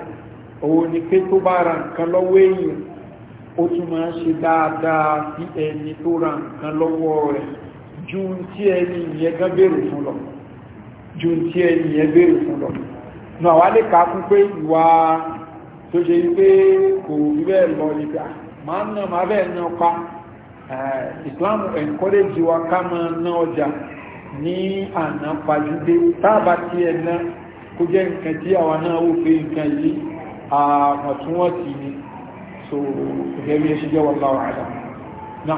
Speaker 1: òun ni pé tó bá ra nǹkan lọ́wọ́ èèyàn ó tún máa ń ṣe dáadáa bí ẹni tó ra nǹkan lọ́wọ́ rẹ̀ ju tí ẹni ìyẹn gan bèèrè fún lọ ju tí ẹni ìyẹn bèèrè fún lọ náà wá lè ká fún pé ìwà tó ṣe wípé kò bẹ́ẹ̀ lọ nígbà máa ń ná máa bẹ́ẹ̀ ná pa eh, Islam encourage wa ká máa ná ọjà ní àná pàjúdé tábà tí ẹ ná kó jẹ́ nǹkan tí àwa náà ó fi nǹkan yìí àmọ̀túnwọ̀sí ni so gẹ́gẹ́ bí ẹ ṣe jẹ́ wọ́n láwọn àdá náà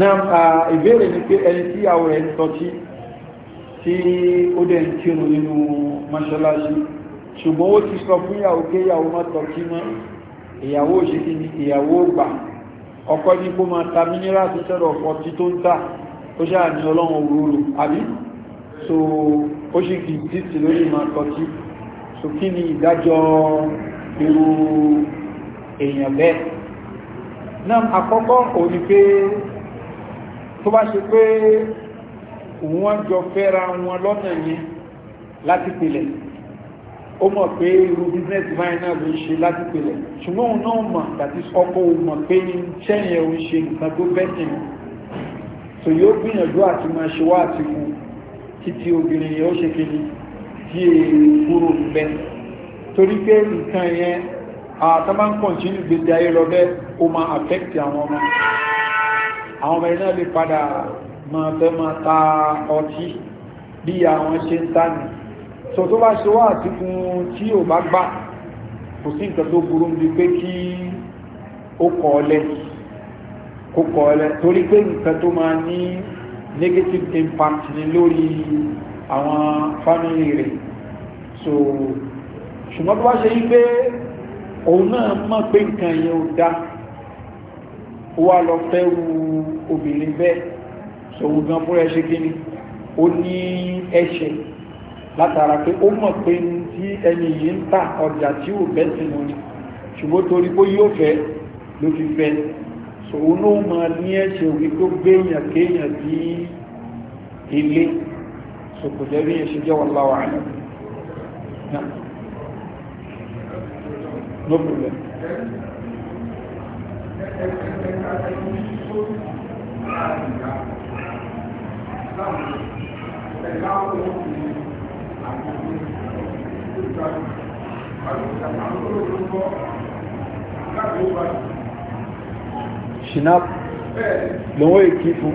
Speaker 1: náà uh, ìbéèrè ni pé ẹni tí àwọn ẹni tọ́tí tí ó dẹ̀ ń kírun nínú mọ́ṣáláṣí ṣùgbọ́n ó ti sọ fún ìyàwó pé ìyàwó má tọ́tí mọ́ ìyàwó òṣèlú ni ìyàwó gbà ọkọ ní kó máa ta mínírà tó sọ̀rọ̀ ọtí tó ń tà ó ṣáà ọlọ́run òwúrò so ó ṣì kì í títì lórí máa tọ́tí náà àkọ́kọ́ òní pé tó bá ṣe pé wọ́n jọ fẹ́ra wọn lọ́nà yẹn láti pèlẹ̀ ó mọ̀ pé irú bísínẹ́sì báyìí náà ló ṣe láti pèlẹ̀ ṣùgbọ́n òun náà mọ̀ tàbí ọkọ̀ òun mọ̀ pé ṣẹ́yìn òun ṣe nǹkan tó bẹ́sìn wọn so yóò gbìyànjú àti máa ṣe wá àti fún títí obìnrin yẹn ó ṣe kiri tí èrè kúrò ń bẹ torí pé nǹkan yẹn àtàbà ah, ń kọ̀ntínú gbèsè ayé lọ bẹ́ o ma affect àwọn ọmọ àwọn ọmọ iná lè padà ma fẹ́ ma ta ọtí bí àwọn ṣe ń ta so tó bá ṣe wá àti fún tí ò bá gbà kò sí nǹkan tó burú bí pé kí ó kọ̀ ọ́ lẹ̀ kọ̀ ọ́ torí pé nǹkan tó máa ní negative impact ni lórí àwọn family rẹ̀ so ṣùgbọ́n tó bá ṣe yí pé òun náà mọ̀ pé nǹkan yẹn ò dá wà lọ fẹ́ wu obìnrin bẹ́ẹ̀ sòwò gan fúnra ẹ ṣe ni ó ní ẹ̀ṣẹ̀ látara pé ó mọ̀ pé tí ẹni yìí ń ta ọjà tí ò bẹ́ sí mu ni ṣùgbọ́n torí pé yóò fẹ́ ló fi fẹ́ sòwò náà máa ní ẹ̀ṣẹ̀ òwe tó gbéyàn kéèyàn bí ilé sòkòjẹ́ bí ẹ̀ṣẹ̀ jẹ́ wọ́n láwàá náà no problem ṣìnáp lọ́wọ́ èkí fún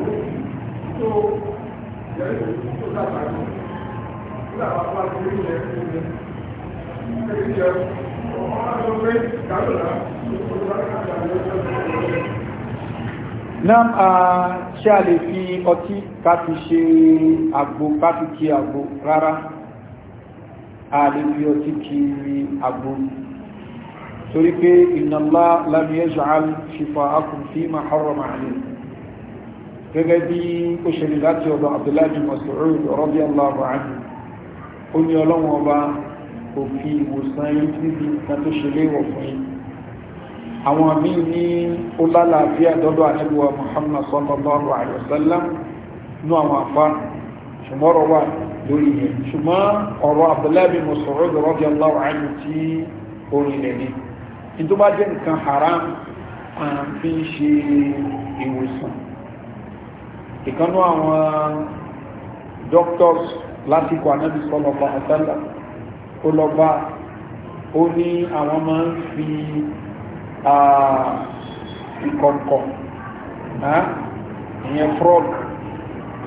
Speaker 2: Thank you
Speaker 1: náà a ṣe a lè fi ọtí káti ṣe àgbò káti kí àgbò rárá a lè fi ọtí kí àgbò torí pé ìnàlá lámìí ẹ̀ṣàl ṣìfà akùnfí ma harọ̀ ma àlè gẹ́gẹ́ bí ó ṣẹlẹ̀ láti ọba abdullahi masu rọ́bí aláwọ̀ àmì ó ní ọlọ́wọ́ ọba kò fi ìwòsàn yìí níbi nǹkan tó ṣe léwọ̀ fún yìí àwọn míì ní ó lálàáfíà dọ́dọ̀ àníbíwá Muhammad sallallahu alaihi wasallam nú àwọn afá ṣùgbọ́n ọ̀rọ̀ wà lórí yẹn ṣùgbọ́n ọ̀rọ̀ Abdullahi bin Mas'ud radiyallahu anhu tí orin rẹ̀ ni ní tó bá jẹ́ nǹkan haram à ń ṣe ìwòsàn ìkanú àwọn doctors lásìkò ànábì sallallahu alaihi wasallam ó lọ bá ó ní àwọn máa ń fi ìkọ̀ǹkọ̀ ìyẹn frog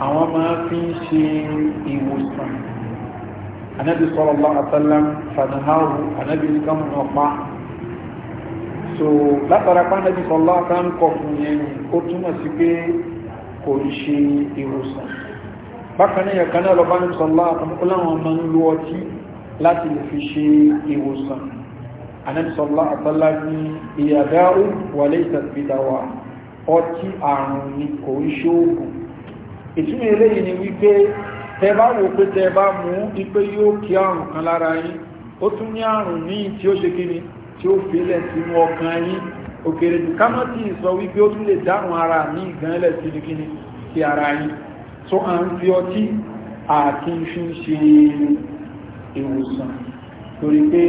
Speaker 1: àwọn máa fi ń ṣe ìwòsàn anábi sallallahu alaihi wasallam fanahahu anábi nìkan mọ̀ so látara pánábi sallallahu alaihi wasallam kọ̀ fún yẹn ó túmọ̀ sí pé kò ń ṣe ìwòsàn bákan náà yẹ̀kan náà lọ bá ní sallallahu alaihi wasallam láti lè fi ṣe ìwòsàn anẹ́sọ̀lá àtọ́lá ní ìyàdáwò wàlé ìtàbídáwà ọtí àrùn ní kò ń ṣe oògùn ìtumọ̀ eléyìí ni wípé tẹ bá wò pé tẹ bá mú ipé yóò kí àrùn kan lára yín ó tún ní àrùn ní tí ó ṣe kíni tí ó fílẹ̀ sínú ọkàn yín òkèrè jù ká mọ́tí sọ wípé ó tún lè dáhùn ara ní ìgànlẹ̀ sínú kíni sí ara yín tó à ń fi ọtí àti fi ìwòsàn torí pé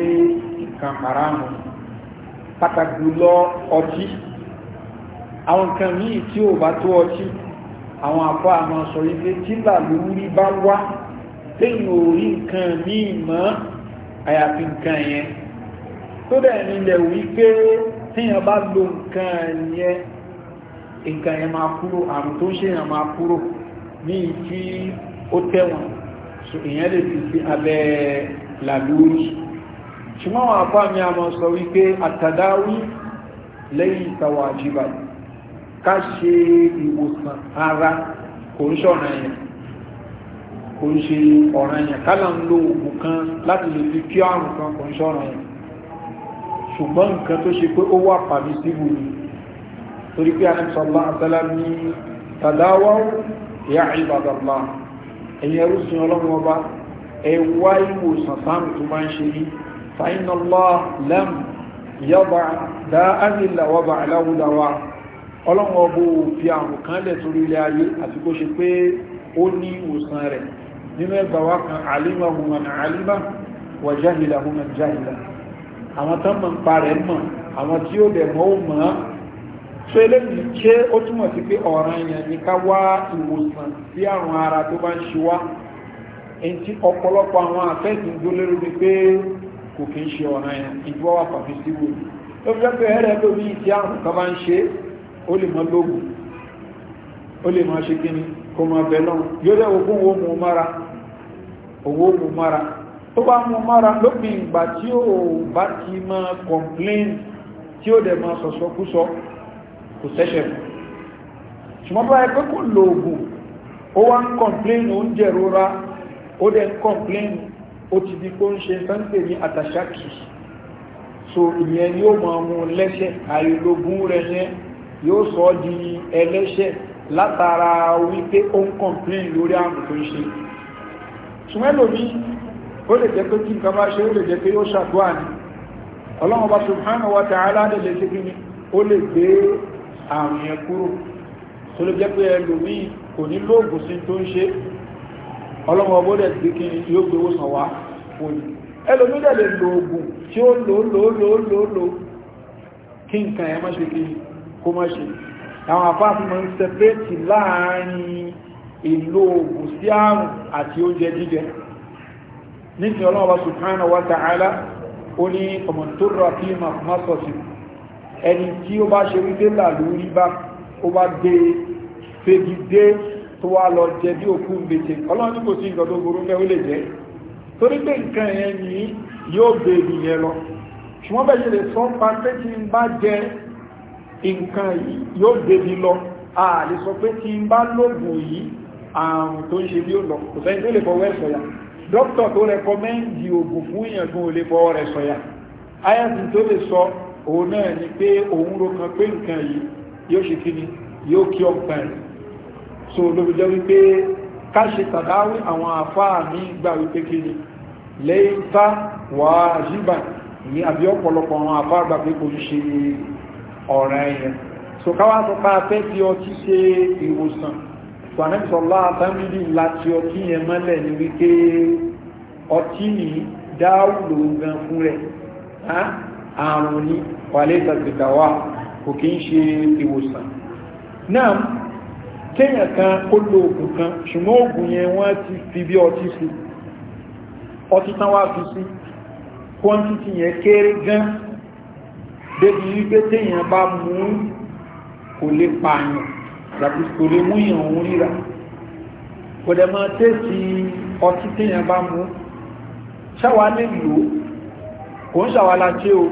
Speaker 1: nǹkan haramu pàtàkì jùlọ ọtí àwọn nǹkan míì tí ò bá tó ọtí àwọn àpá àmọ́ sọ ilé tí làlúrí bá wá téèyàn ò rí nǹkan míì mọ́ àyàfi nǹkan yẹn tó dẹ̀ nílẹ̀ wípé téèyàn bá lo nǹkan yẹn nǹkan yẹn máa kúrò àrùn tó ń ṣe máa kúrò ní ìtí ó tẹ̀wọ̀n so ìyẹn lè fi sí abẹ́ làlúrí ṣùgbọ́n àwọn àpá mi a mọ́ sọ wípé àtàdáwí lẹ́yìn ìtawà àjíbà ká ṣe ìwòsàn ara kò ń ṣọ̀ràn yẹn kò ń ṣe ọ̀ràn yẹn kálà ń lo òògùn kan láti lè fi kí àrùn kan kò ń ṣọ̀ràn yẹn ṣùgbọ́n nǹkan tó ṣe pé ó wà pàmì síbù ni torí pé anamsọ̀lá àtàlá ní tàdáwá yà ìbàdàlá ẹ̀yìn ẹrú sin ọlọ́run ọba ẹ̀wá ìwòsàn sáàmù tó máa ń ṣe yí fàyínà lọ́ lẹ́m yọba dá ánìlà wọba aláwùdáwà ọlọ́run ọba ò fi àrùn kan lẹ̀ sórí ilé ayé àti kó ṣe pé ó ní ìwòsàn rẹ̀ nínú ẹgbà so eléyìí ṣé ó túmọ̀ sí pé ọ̀ràn yẹn ní ká wá ìwòsàn sí àrùn ara tó bá ń ṣe wá èyí tí ọ̀pọ̀lọpọ̀ àwọn àfẹ́sìn tó lérò ni pé kò kí ń ṣe ọ̀ràn yẹn ìjọba wà pàfi sí wò ní ó fi lọ́pẹ́ ẹ̀rẹ́ lómi tí àrùn kan bá ń ṣe ó lè mọ́ lóògùn ó lè máa ṣe kí ni kó máa bẹ̀ náà yóò ogún owó owó tó bá lópin ìgbà ti máa tí ó dẹ̀ kò sẹ́ṣẹ̀ fún ṣùgbọ́n bá ẹgbẹ́ kò lo oògùn ó wá ń kọ̀m̀plẹ́nì oúnjẹ rora ó dẹ̀ ń ó ti di kó ń ṣe sáńpẹ̀ ní àtàṣákì so ìyẹn ni ó máa mú lẹ́ṣẹ̀ àìlógún rẹ̀ yẹn yóò sọ ọ́ di ẹlẹ́ṣẹ̀ látara wípé ó ń kọ̀m̀plẹ́nì lórí àrùn tó ń ṣe ṣùgbọ́n ẹlòmí ó lè jẹ́ pé kí nǹkan bá ṣe ó lè jẹ́ pé ó ṣàdúrà ni ọlọ́run bá subhanahu wa ta'ala lè lè ṣe kí ni ó lè gbé àrùn yẹn kúrò tó ló jẹ́ pé ẹlòmíì kò ní lóògùn sí tó ń ṣe ọlọ́wọ́ bódẹ̀ tí kí ni yóò gbé wòsàn wá òní ẹlòmíì dẹ̀ lè lo tí ó lò lò lò lò lò kí nǹkan afọ má ṣe kí kó má ṣe àwọn àfáàfin máa ń láàárín ìlò sí àrùn àti oúnjẹ jíjẹ nítorí ọlọ́wọ́ ó ní ọmọ tó ẹni tí ó bá ṣe wípé làlórí bá ó bá dé fèdì dé tó wá lọ jẹ bí òkú mbètè ọlọ́run ní kò sí nǹkan tó mẹ́ ó lè jẹ́ torí pé nǹkan yẹn ni yóò gbé ènìyàn lọ ṣùgbọ́n bẹ́ẹ̀ ṣe lè sọ pa pé tí n bá jẹ nǹkan yìí yóò gbé mi lọ a lè sọ pé tí n bá lóògùn yìí àrùn tó ń ṣe bí ó lọ kò sẹ́yìn tó lè fọwọ́ ẹ̀ sọ̀yà dókítà tó rẹkọmẹ́ǹdì òògùn fún ìyàngún ò lè fọwọ́ rẹ̀ sọ̀yà ayẹ́sìn tó lè sọ òun náà ni pé òun ló kan pé nǹkan yìí yóò ṣe kí ni yóò kí ọgbà ẹ̀ so lóbi jẹ́ wípé ká ṣe tàdáwí àwọn àfáà ní gbà wípé kí ni lẹ́yìn bá wà àjíbà ní àbí ọ̀pọ̀lọpọ̀ àwọn àfáà gbà pé kò ṣe ọ̀ràn ẹ̀yẹn so káwá sọ pé fẹ́ fi ọtí ṣe ìwòsàn tùwánẹ́sọ̀lá àtàmídì láti ọtí yẹn mọ́lẹ̀ ni wípé ọtí ni dáwù lòun gan fún rẹ̀ àrùn ni wàlẹ́ta tìtàwà kò kí ń ṣe ìwòsàn náà kéèyàn kan ó lo ògùn kan ṣùgbọ́n ògùn yẹn wọ́n ti fi bí ọtí sí ọtí tán wá fi sí kọ́ntítì yẹn kéré gan débi wípé téèyàn bá mú kò lè pààyàn tàbí kò lè mú yàn òun ríra kò dẹ̀ máa tẹ́sí ọtí téèyàn bá mú ṣáwa lè lò kò ń ṣàwálà o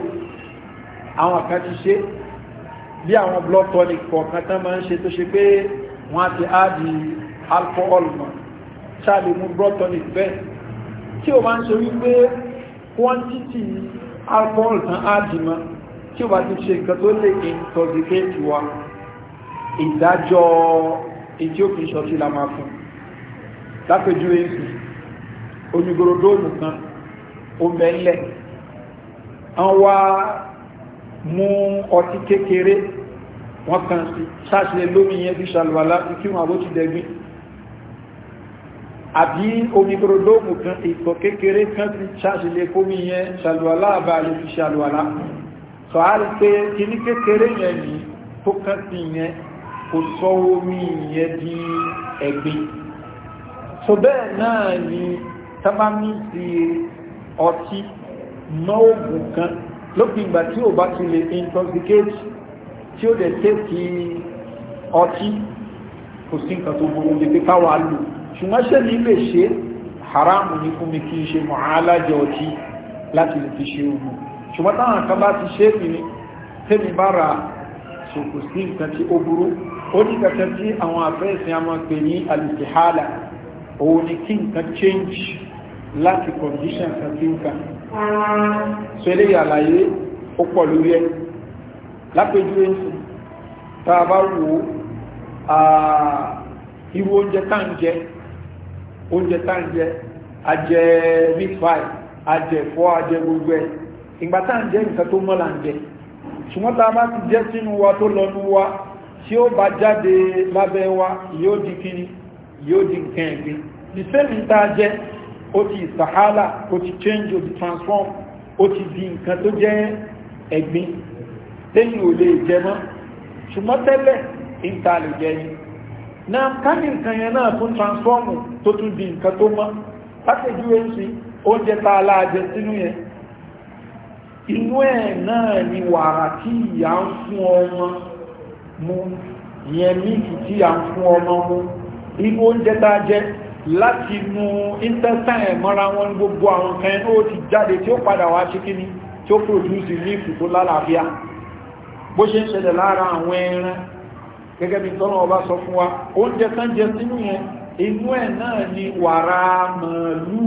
Speaker 1: àwọn kan ti ṣe bí àwọn blood tonic kọ̀ọ̀kan tán máa ń ṣe tó ṣe pé wọ́n á ti áàdì alcohol mọ̀ ṣáàlì mú blood tonic bẹ́ẹ̀ tí o máa ń ṣe wípé quantity alcohol tán áàdì mọ́ tí o bá ti ṣe nǹkan tó lè intoxicate wa ìdájọ́ ethiopia ṣọ́ọ̀ṣì la máa fún lápẹjú èsì onígorodóòlù kan ó bẹ́ńlẹ̀ àwọn wá mú ọtí kékeré wọ́n kan sí sáṣẹ lómi yẹn fi ṣàlùwàlá kí wọ́n àbó ti dẹ̀gbìn àbí omi grodóòmù kan ìtọ̀ kékeré kan ti sáṣẹ lè kómi yẹn ṣàlùwàlá àbá lè fi ṣàlùwàlá sọ á rí pé kíní kékeré yẹn ní tó kán sí yẹn kò sọ omi yẹn di ẹ̀gbin so bẹ́ẹ̀ náà ni tábàmì ti ọtí náà ògùn kan lópin ìgbà tí ò bá ti lè intoxicate tí ó dẹ̀ tẹ́kì ọtí kò sí nǹkan tó burú lè pé káwà lù ṣùgbọ́n ṣe ní lè ṣe haramu ní fún mi kí n ṣe mọ̀hálájẹ ọtí láti lè fi ṣe ogun ṣùgbọ́n táwọn kan bá ti ṣe mi tẹ́mi bá ra so kò sí nǹkan tí ó burú ó ní kankan tí àwọn afẹ́sìn a máa pè ní alìsìhálà òun ni kí nǹkan change láti condition kan sí nǹkan so eléyìí àlàyé ó pọ̀ lórí ẹ̀ lápẹjú ẹ̀sìn tá bá oúnjẹ tá jẹ oúnjẹ tá ń jẹ ajẹ meat pie ajẹ gbogbo ẹ̀ ìgbà jẹ nǹkan tó mọ́ ń jẹ ṣùgbọ́n tá bá ti jẹ́ sínú wa tó wa tí ó bá jáde lábẹ́ wa yóò di yóò di nǹkan ó ti sàhálà ó ti change ó ti transform ó ti di nǹkan tó jẹ́ ẹ̀gbin lẹ́yìn ò lè jẹ mọ́ ṣùgbọ́n tẹ́lẹ̀ ìta lè jẹ yìí náà káàkiri nǹkan yẹn náà tún transform tó tún di nǹkan tó mọ́ látẹ̀jú èsì oúnjẹ tá a láàjẹ sínú yẹn inú ẹ̀ náà ni wàrà tí ìyá ń fún ọmọ mu yẹn mílìkì tí ìyá ń fún ọmọ mu inú oúnjẹ tá a jẹ láti inú intestine mọ́ra wọn gbogbo àwọn nǹkan ẹnu ó ti jáde tí ó padà wá ṣe kíní tí ó produce leaf tó lálàáfíà bó ṣe ń ṣẹlẹ̀ lára àwọn ẹran gẹ́gẹ́ bí tọ́nà ọba sọ fún wa oúnjẹ tán jẹ sínú yẹn inú ẹ̀ náà ni wàrà màálù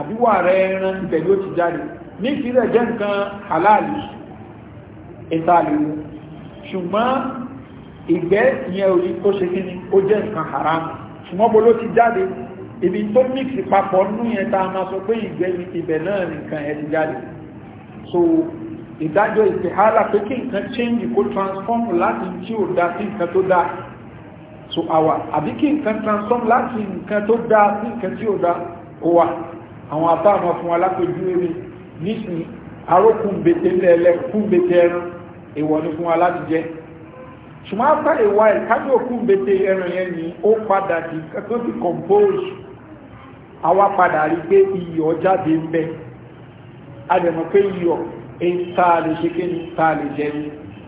Speaker 1: àbí wàrà ẹran ibẹ̀ ló ti jáde ní ìfilẹ̀ jẹ́ nǹkan halali ìtàlẹ̀wò ṣùgbọ́n ìgbẹ́ ìyẹn orí ó ṣe kíní ó jẹ́ nǹkan haramu ṣùgbọ́n bó ló ti jáde ibi tó mix papọ̀ nú yẹn tá a máa sọ pé ìgbẹ́ ibẹ̀ náà nìkan ẹ̀ ti jáde so ìdájọ́ ìtìhálà pé kí nǹkan change kó transform láti tí ò dá sí nǹkan tó dá so àwà àbí kí nǹkan transform láti nǹkan tó dá sí nǹkan tí ò dá ó wà àwọn àbá àwọn fún alápèjú eré nísìnyí arókùnbètè lẹ́ẹ̀lẹ́ kúnbètè ẹran èèwọ̀ ni fún wa láti jẹ́ ṣùgbọ́n after a while kájú òkú bètè ẹran yẹn ni ó padà di tó ti compose awa padà rí pé iyọ̀ jáde ń bẹ adẹ̀mọ̀ pé iyọ̀ ń ta lè ṣe kí ni ta lè jẹ ni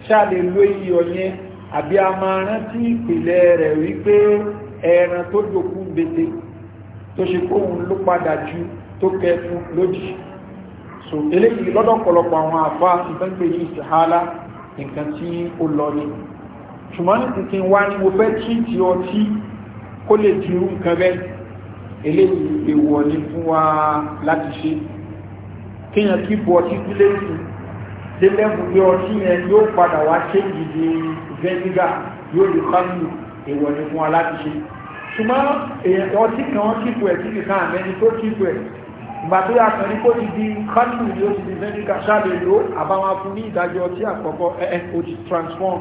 Speaker 1: ṣá lè lo iyọ̀ yẹn àbí a máa rántí ìpìlẹ̀ rẹ̀ wípé ẹran tó dòkú bètè tó ṣe kóhun ló padà ju tó kẹfún lójì so eléyìí lọ́dọ̀ pọ̀lọpọ̀ àwọn àfa nǹkan pé ní ìsìnhálà nǹkan tí ó lọ ni ṣùgbọ́n ní ti wá ní mo fẹ́ tíìtì ọtí kó lè di irú nǹkan bẹ́ẹ̀ eléyìí èèwọ̀ ni fún wa láti ṣe kíyàn kí bu ọtí sílé sí délẹ́bù bí ọtí yẹn yóò padà wá ṣe ìdíje vẹ́nígà yóò lè kánú èèwọ̀ ni fún wa láti ṣe ṣùgbọ́n èèyàn ọtí kan kí bu ẹ̀ síbi kan àmẹ́ni tó kí bu ẹ̀ ìgbà tó yà kàn ní kó ti di kánú yóò ti di vẹ́nígà ṣáà lè lo àbáwọn fún ní ìdájọ́ ọtí àkọ́kọ́ ẹ̀ẹ́ o ti transform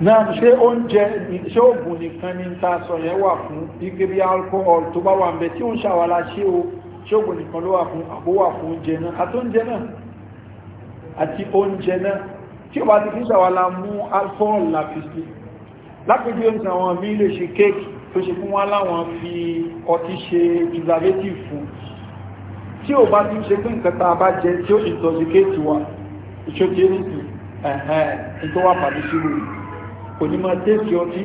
Speaker 1: na ṣé oúnjẹ ṣé oògùn nìkan ni ta sọ yẹn wà fún ike bí alcohol tó bá wà ń bẹ tí ó ń ṣàwàlá ṣé o ṣé oògùn nìkan ló wà fún àbó wà fún oúnjẹ náà àti oúnjẹ náà àti oúnjẹ náà tí ó bá ti fi ṣàwàlá mú alcohol láfi sí lápẹjú ẹni àwọn míì lè ṣe kéèkì tó ṣe fún wọn láwọn fi ọtí ṣe preservative fún tí ó bá ti ṣe pé nǹkan tá a bá jẹ tí ó intoxicate wa ìṣòkè nìkan ẹ̀hẹ́n tó wà pàdé sílùú kò ní máa tẹ́sì ọtí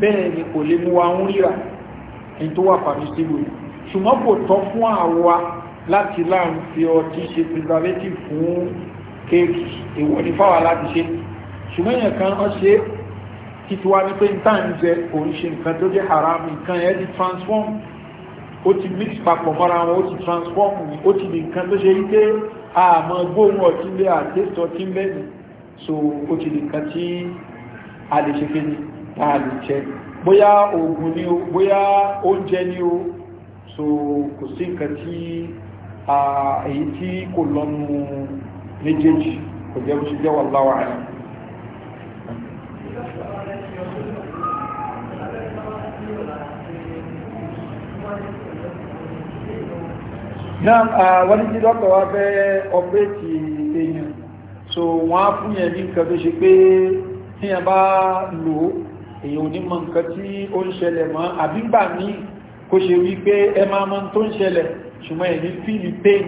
Speaker 1: bẹ́ẹ̀ ni kò lè mú wa ń ríra ní tó wà fàmí sílù ṣùgbọ́n kò tọ́ fún àwa láti láàrín fi ọtí ṣe preservative fún kéèkì èwọ̀ fáwà láti ṣe ṣùgbọ́n èèyàn kan wọ́n ṣe ti transform ó ti mix papọ̀ mọ́ra wọn ó ti transform ó ti di nǹkan so ó ti a lè ṣe kí ní tá a lè jẹ bóyá oògùn ni o bóyá oúnjẹ ni o so kò sí nǹkan tí èyí tí kò lọ́nu méjèèjì kò jẹ́ bó jẹ́ wà láwà rẹ̀ náà wọ́n tí dọ́kọ̀ wá fẹ́ ọpẹ́ ti èèyàn so wọ́n á fún yẹn ní nǹkan tó ṣe pé tí a bá lò èyàn onímọ̀ nǹkan tí ó ń ṣẹlẹ̀ mọ́ àbígbà ní kó ṣe wí pé ẹ máa mọ́ tó ń ṣẹlẹ̀ ṣùgbọ́n ẹ̀mí fíìlì pain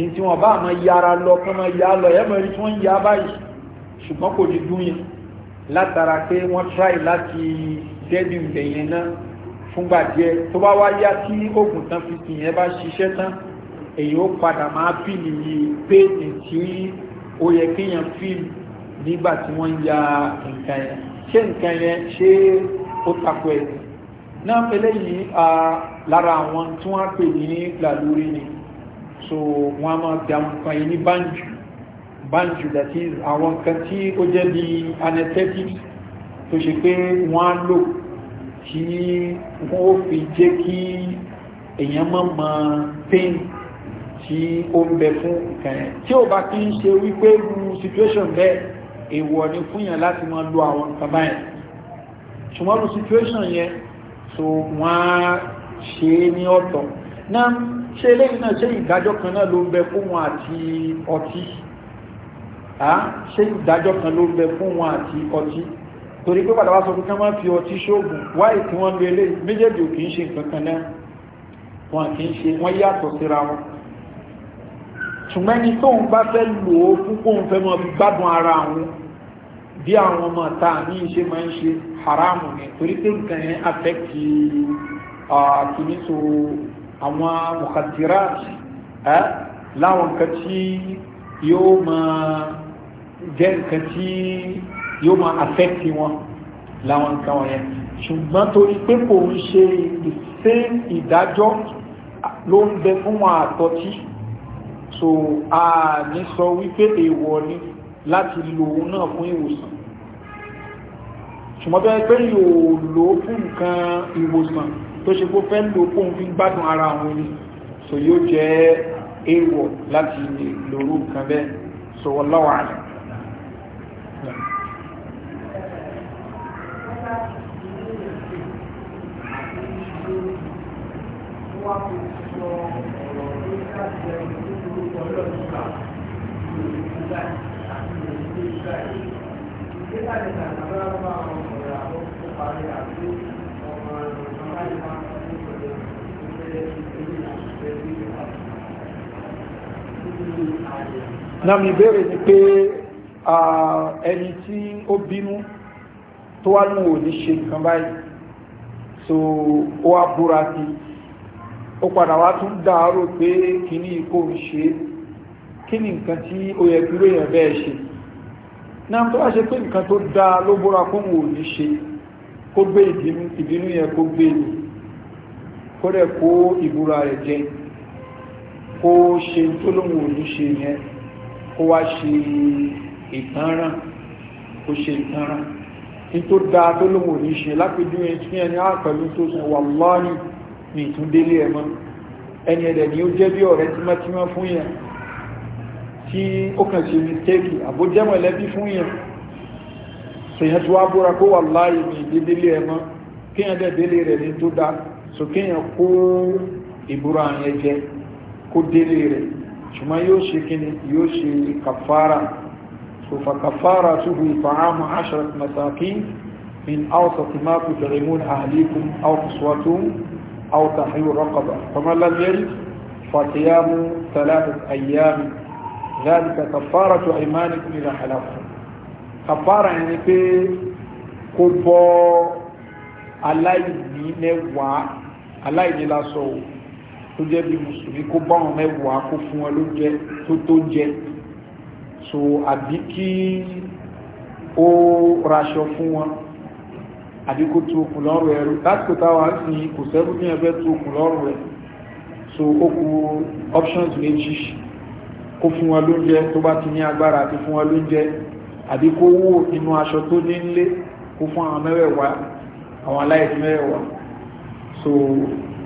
Speaker 1: in tí wọ́n bá mọ́ yára lọ kán mọ́ yá lọ ẹ̀mọ̀ rí tí wọ́n yá báyìí ṣùgbọ́n kò ní dúnyìn látara pé wọ́n try láti dẹ́dì ìgbẹ̀yẹn náà fúngbà díẹ̀ tó bá wá yá tí oògùn tán fi tì yẹn bá ṣiṣẹ́ tán èyí ó nígbà tí wọ́n ń ya nǹkan yẹn ṣé nǹkan yẹn ṣé ó takò ẹ̀ náà eléyìí lára àwọn tí wọ́n pè ní làlórí ni so wọ́n máa da nǹkan yẹn ní báńjù báńjù that is àwọn nǹkan tí ó jẹ́ bí anesthetic tó ṣe pé wọ́n á lò tí wọ́n ó fi jẹ́ kí èèyàn mọ́ mọ́ pain tí ó ń bẹ fún nǹkan yẹn tí ó bá kí ń ṣe wípé situation bẹ́ẹ̀ èèwọ̀ ni fúnyàn láti máa lo àwọn nǹkan báyìí ṣùgbọ́n lu situation yẹn so wọ́n á ṣe é ní ọ̀tọ̀ náà ṣe eléyìí náà ṣe ìdájọ́ kan náà ló ń bẹ fún wọn àti ọtí ṣe ìdájọ́ kan ló ń bẹ fún wọn àti ọtí torí pé padà wá sọ pé kí wọ́n fi ọtí ṣóògùn wáyé tí wọ́n lo eléyìí méjèèjì ò kì í ṣe nǹkan kan náà wọn kì í ṣe wọ́n yàtọ̀ síra wọn ṣùgbọ́n ẹni tó ń bá fẹ́ lò ó púpọ̀ ń fẹ́ mọ́ fi gbádùn ara àwọn bí àwọn ọmọ ta ní ṣe máa ń ṣe haramu ni torí pé nǹkan yẹn afẹ́kì kìíní so àwọn mukadirat láwọn nǹkan tí yóò máa jẹ́ nǹkan tí yóò máa afẹ́kì wọn láwọn nǹkan wọ̀nyẹn ṣùgbọ́n torí pé kò ń ṣe ìṣe ìdájọ́ ló ń bẹ fún wọn àtọ́tí so ààní sọ wípé èèwọ̀ ni láti lo òun náà fún ìwòsàn ṣùgbọ́n bẹ́ẹ̀ pé yóò lò ó fún nǹkan ìwòsàn tó ṣe kó fẹ́ lò fún fi gbádùn ara àwọn ẹni so yóò jẹ́ èèwọ̀ láti lòrú nǹkan bẹ́ẹ̀ so wọ́n lọ́wọ́ àlẹ́
Speaker 2: Thank you. náà
Speaker 1: ìbéèrè ni pé ẹni tí ó bínú tó wá ní òní ṣe nǹkan báyìí so ó wá búra sí ó padà wá tún dáárò pé kìíní kò ń ṣe é kí ni nǹkan tí ó yẹ kí lóyìn bẹ́ẹ̀ ṣe náà tó wá ṣe pé nǹkan tó dáa ló bóra kó wò ní ṣe kó gbé ìbínú yẹn kó gbé ní kó rẹ̀ kó ìbúra rẹ̀ jẹ kó ṣe tó lóhun ò ní ṣe yẹn kó wá ṣe ìtanràn kó ṣe ìtanràn tó dáa tó lóhun ò ní ṣe lápẹjú tí ẹni á pẹ̀lú tó sọ wà lọ́ọ̀nì ní ìtúndélé ẹ̀mọ́ ẹni ẹ̀dẹ̀ ni ó jẹ́ bí ọ̀rẹ́ tímọ́tímọ́ fún yẹn tí ó kàn ṣe mistake àbójẹ́mọ̀lẹ́bí fún yẹn sèyàn tí wàá búra kó wà láàyè ní ìdílé ẹ mọ́ kéèyàn dẹ̀ délé rẹ̀ ní tó dá so kéèyàn kó ìbúra yẹn jẹ kó délé rẹ̀ ṣùgbọ́n yóò ṣe kíni yóò ṣe kàfàrà so fa kàfàrà túbú ìfàhámù asharat masakin min awsati ma tudrimun ahlikum aw kiswatuhum aw tahriru raqaba faman lam yajid fasiyamu thalathati ayyamin ذلك كفارة أيمانكم إذا حلفتم kàfàrà yẹn ni pé kó bọ́ aláìní mẹ́wàá aláìní lásọ o tó jẹ́ bí mùsùlùmí kó bá wọn mẹ́wàá kó fún wọn ló jẹ tó tó jẹ so àbí kí ó raṣọ fún wọn àbí kó tu okùn lọ́rùn ẹrú lásìkò táwa sì kò sẹ́rú ní ẹgbẹ́ tu okùn lọ́rùn ẹ so ó kù options méjì kó fún wọn lóúnjẹ tó bá ti ní agbára àti fún wa, lóúnjẹ àbí kó wó inú aṣọ tó ní nílé kó fún àwọn mẹ́wẹ̀wá àwọn aláìsí mẹ́wẹ̀wá so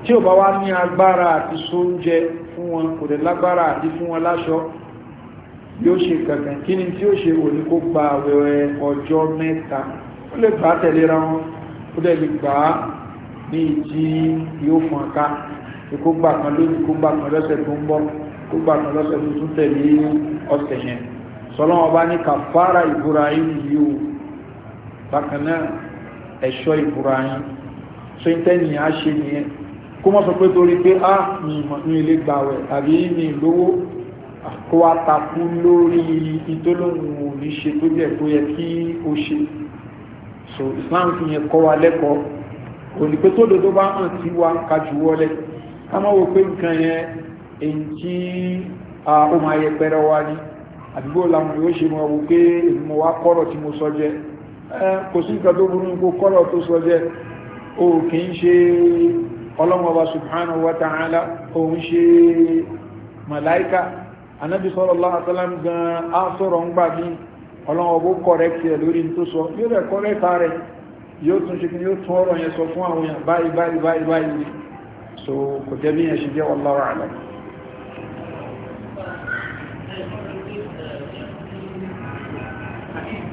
Speaker 1: tí ò bá wá ní agbára àti sóúnjẹ fún wọn kò dẹ̀ lágbára àti fún wọn láṣọ yóò ṣe kankan kí ni tí ó ṣe òní kó gba àwẹ̀ ọjọ́ mẹ́ta ó lè gbà tẹ̀lera wọn ó dẹ̀ lè gbà á ní ìdí yóò fún ọ̀ká kó gbà kan lónìí kó gbà kan lọ́sẹ̀ tó ń bọ̀ kó gbà kan lọ́sẹ̀ tuntun tẹ̀lé ọ̀sẹ̀ yẹn sọlọ́wọ́n bá ní kàfàrà ìbúra yín yìí o bákan náà ẹ̀ṣọ́ ìbúra yín tó ń tẹ́ni á ṣe nìyẹn kó mọ́ sọ pé torí pé á ní ilé gbàwẹ̀ àbí ní ìlówó kó wa takú lórí ìtólóhùn òní ṣe tó jẹ́ tó yẹ kí ó ṣe so Islam fi yẹn kọ́ wa lẹ́kọ̀ọ́ òní pé tó dodo bá hàn sí wa kájú wọlé ká má wo pé nǹkan yẹn èyí tí ó máa yẹ pẹrẹ wá ní àdúgbò làwọn yóò ṣe mọ wò pé èmi mo wá kọ́rọ̀ tí mo sọ jẹ kò sí nǹkan tó burú kó kọ́rọ̀ tó sọ jẹ o kì í ṣe ọlọ́mọba subhanahu wa ta'ala òun ṣe màláìka anábì sallallahu alaihi wasallam gan á sọ̀rọ̀ ń gbà mí ọlọ́mọbó kọ̀rẹ́kì ẹ̀ lórí tó sọ yóò rẹ̀ kọ́rẹ́ta rẹ̀ yóò tún ṣe so kò jẹ́ bí yẹn jẹ́ wallahu a'lam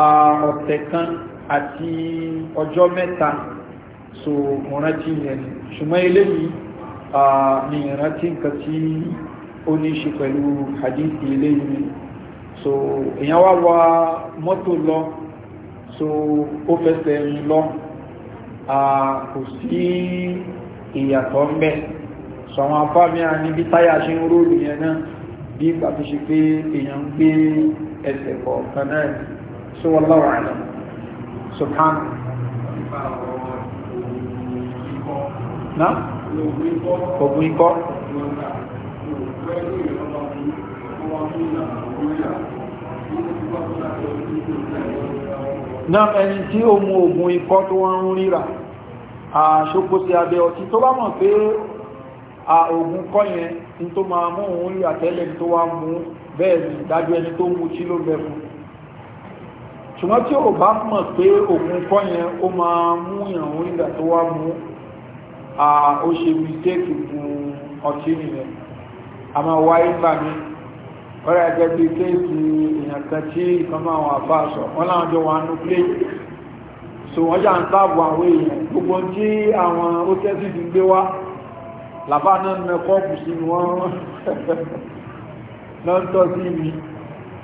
Speaker 1: ọ̀tẹ̀ kan àti ọjọ́ mẹ́ta so mo rántí yẹn ni ṣùgbọ́n eléyìí mi rántí nǹkan tí ó ní ṣe pẹ̀lú hadithi eléyìí ni so èèyàn wá wa mọ́tò lọ so ó fẹsẹ̀ rìn lọ kò sí ìyàtọ̀ ń bẹ̀ so àwọn afáàmì àníbi táyà ṣe ń róòlù yẹn náà bí ìgbà tó ṣe pé èèyàn ń gbé ẹsẹ̀ kọ̀ọ̀kan náà so wallahu a'lam subhan
Speaker 2: na ogun ikọ́
Speaker 1: náà ẹni tí ó mú ogun ikọ́ tó wọ́n ń ríra àṣòkó sí abẹ́ ọtí tó bá mọ̀ pé a ogun kọ́ yẹn ní tó máa mú òun rí àtẹ́lẹ̀ tó wá mú bẹ́ẹ̀ ni dájú ẹni tó mú tí ló bẹ fún ṣùgbọ́n tí ò bá mọ̀ pé òkun kọ́ yẹn ó máa mú ìrànwó nígbà tó wá mú ó ṣe mistake gun ọtí nìyẹn a máa wáyé gbà mí ọ̀rẹ́ ẹgbẹ́ bíi kéèsì èèyàn kan tí ìkan máa wà bá aṣọ wọn láwọn jọ wà nú plé so wọ́n jà ń sáàbù àwọn èèyàn gbogbo tí àwọn rókẹ́sì ti gbé wá làbá náà nà kọ́ọ̀bù sí ni wọ́n lọ́ńtọ́ sí mi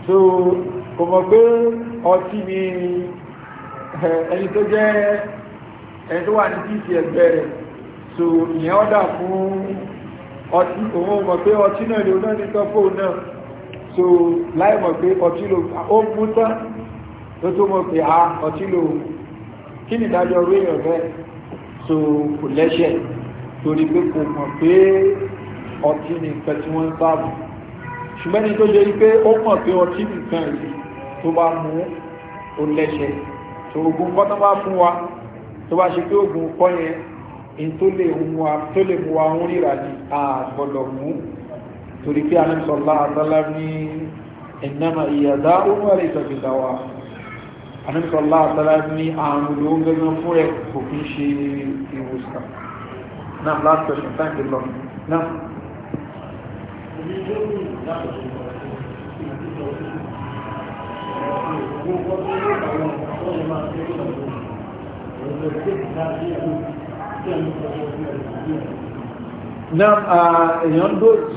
Speaker 1: so kò mọ̀ pé ọtí ni ẹni tó jẹ́ ẹni tó wà ní títì ẹgbẹ́ rẹ̀ so ìyẹn ọ́dà fún ọtí òun mọ̀ pé ọtí náà lè náà ní tọ́fò náà so láì mọ̀ pé ọtí lò ó mú tán tó tó mọ̀ pé a ah, ọtí lò kí ni ìdájọ́ orí èèyàn bẹ́ẹ̀ so kò lẹ́ṣẹ̀ torí pé kò mọ̀ pé ọtí ni nǹkan tí wọ́n ń sáàbù ṣùgbọ́n ní tó ṣe rí pé ó mọ̀ pé ọtí nìkan yìí tó bá mú ó lẹ́ṣẹ̀ tó ogun kọ́ tó bá fún wa tó bá ṣe pé ogun kọ́ yẹn in tó lè mú wa tó lè mú wa ń ríra ní àgbọ̀dọ̀ mú torí pé àní sọ̀lá àtàlá ní ìnáma ìyàdá òun àrẹ ìtọ̀gbìdà wa àní àtàlá ní àrùn ló ń gẹ́gẹ́ fún ẹ̀ kò kí ń ṣe ìwòsàn náà last question thank you lord náà náà èèyàn dóòtù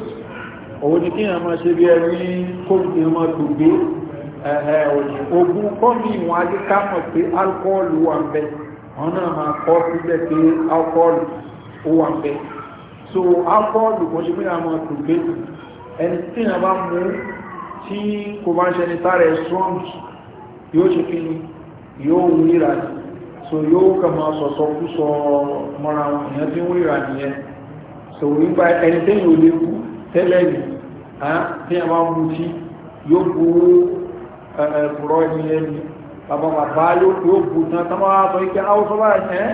Speaker 1: òun ni kí èèyàn máa ṣe bí ẹni kóòtù máa gbogbo ẹ̀ẹ̀ ogun kọ́mí ìwọ̀n ajé ká mọ̀ pé alkọ́ọ̀lù wà ń bẹ wọn náà máa kọ́ síbẹ̀ pé alkọ́ọ̀lù ó wà ń bẹ so alkọ́ọ̀lù kan ṣe pé àwọn gbogbo ẹni tí a bá mú tí kò bá ń ṣe ní tààrẹ strong yóò ṣe kí yóò wíra so yóò kà máa sọ̀sọ̀ kú sọ mọ́ra wọn èèyàn tí ń wíra nìyẹn so nípa ẹni tí yóò lè kú tẹ́lẹ̀ ní tí a bá mú tí yóò bu ẹ̀bùrọ̀ ẹni ẹni bàbá bàbá yóò bu tán tán máa sọ ike áwọ́sọ́ báyìí ẹ̀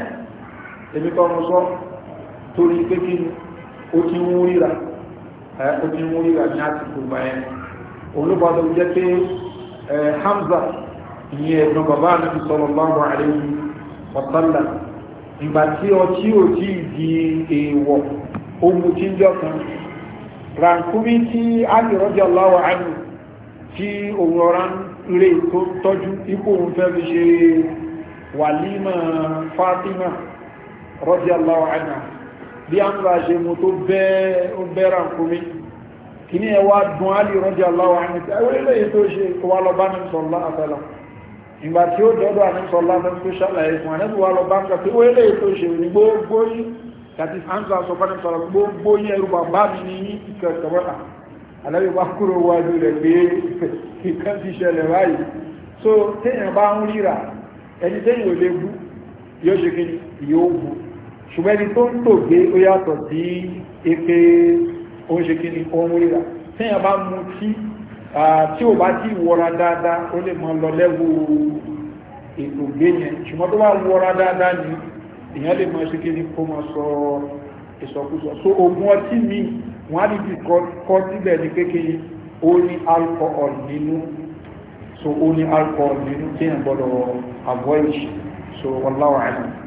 Speaker 1: èmi kọ́ ọmọ sọ torí pé kí ni ó ti ń wíra omi ń wúrí àmì àtìkù gbà yẹn olùbọ̀ tó jẹ́ pé Hamza ìyẹn ẹ̀gbọ́n bàbá àti sọ̀rọ̀ lọ́wọ́ àrẹ́wì ọ̀tọ́là ìgbà tí ọtí ò tí ì di èèwọ̀ ohun tí ń jọ kan ràǹkúmí tí Ali radiyallahu anhu tí òun ọ̀rá ń rè tó tọ́jú ipò òun fi ṣe wàlímà Fatima radiyallahu anha bí a ń ra ṣe mú tó bẹ́ẹ̀rà ń kúmí kì ní ẹwà dùn á lè rọ́jì aláwọ̀ àmìtí ẹwẹ́lẹ́ yìí tó ṣe wà lọ bá ní sọ̀lá àtàlà ìgbà tí ó dọ́dọ̀ àní sọ̀lá tó ṣàlàyé fún ànẹ́bù wà lọ bá ń kà tí wẹ́lẹ́ yìí tó ṣe ní gbogbo yìí kàtí ansa sọ fún ànẹ́bù sọ̀rọ̀ gbogbo ríra ẹni téèyàn ò lè bú yóò ṣe kí ni yóò bú ṣùgbọ́n ẹni tó ń tògbé ó yàtọ̀ sí epe oún kí ni ohun ríra tíyàn bá mú tí tí ò bá tí wọra dáadáa ó lè mọ lọ lẹ́wọ́ ìtògbé yẹn ṣùgbọ́n tó bá wọra dáadáa ni èèyàn lè mọ ṣe kí ni kó mọ sọ ìsọkúsọ so ogun ọtí mi wọ́n á lè fi kọ́ síbẹ̀ ní kékeré ó ní alcohol nínú so ó ní alcohol nínú tíyàn gbọ́dọ̀ avoid so wallahu alam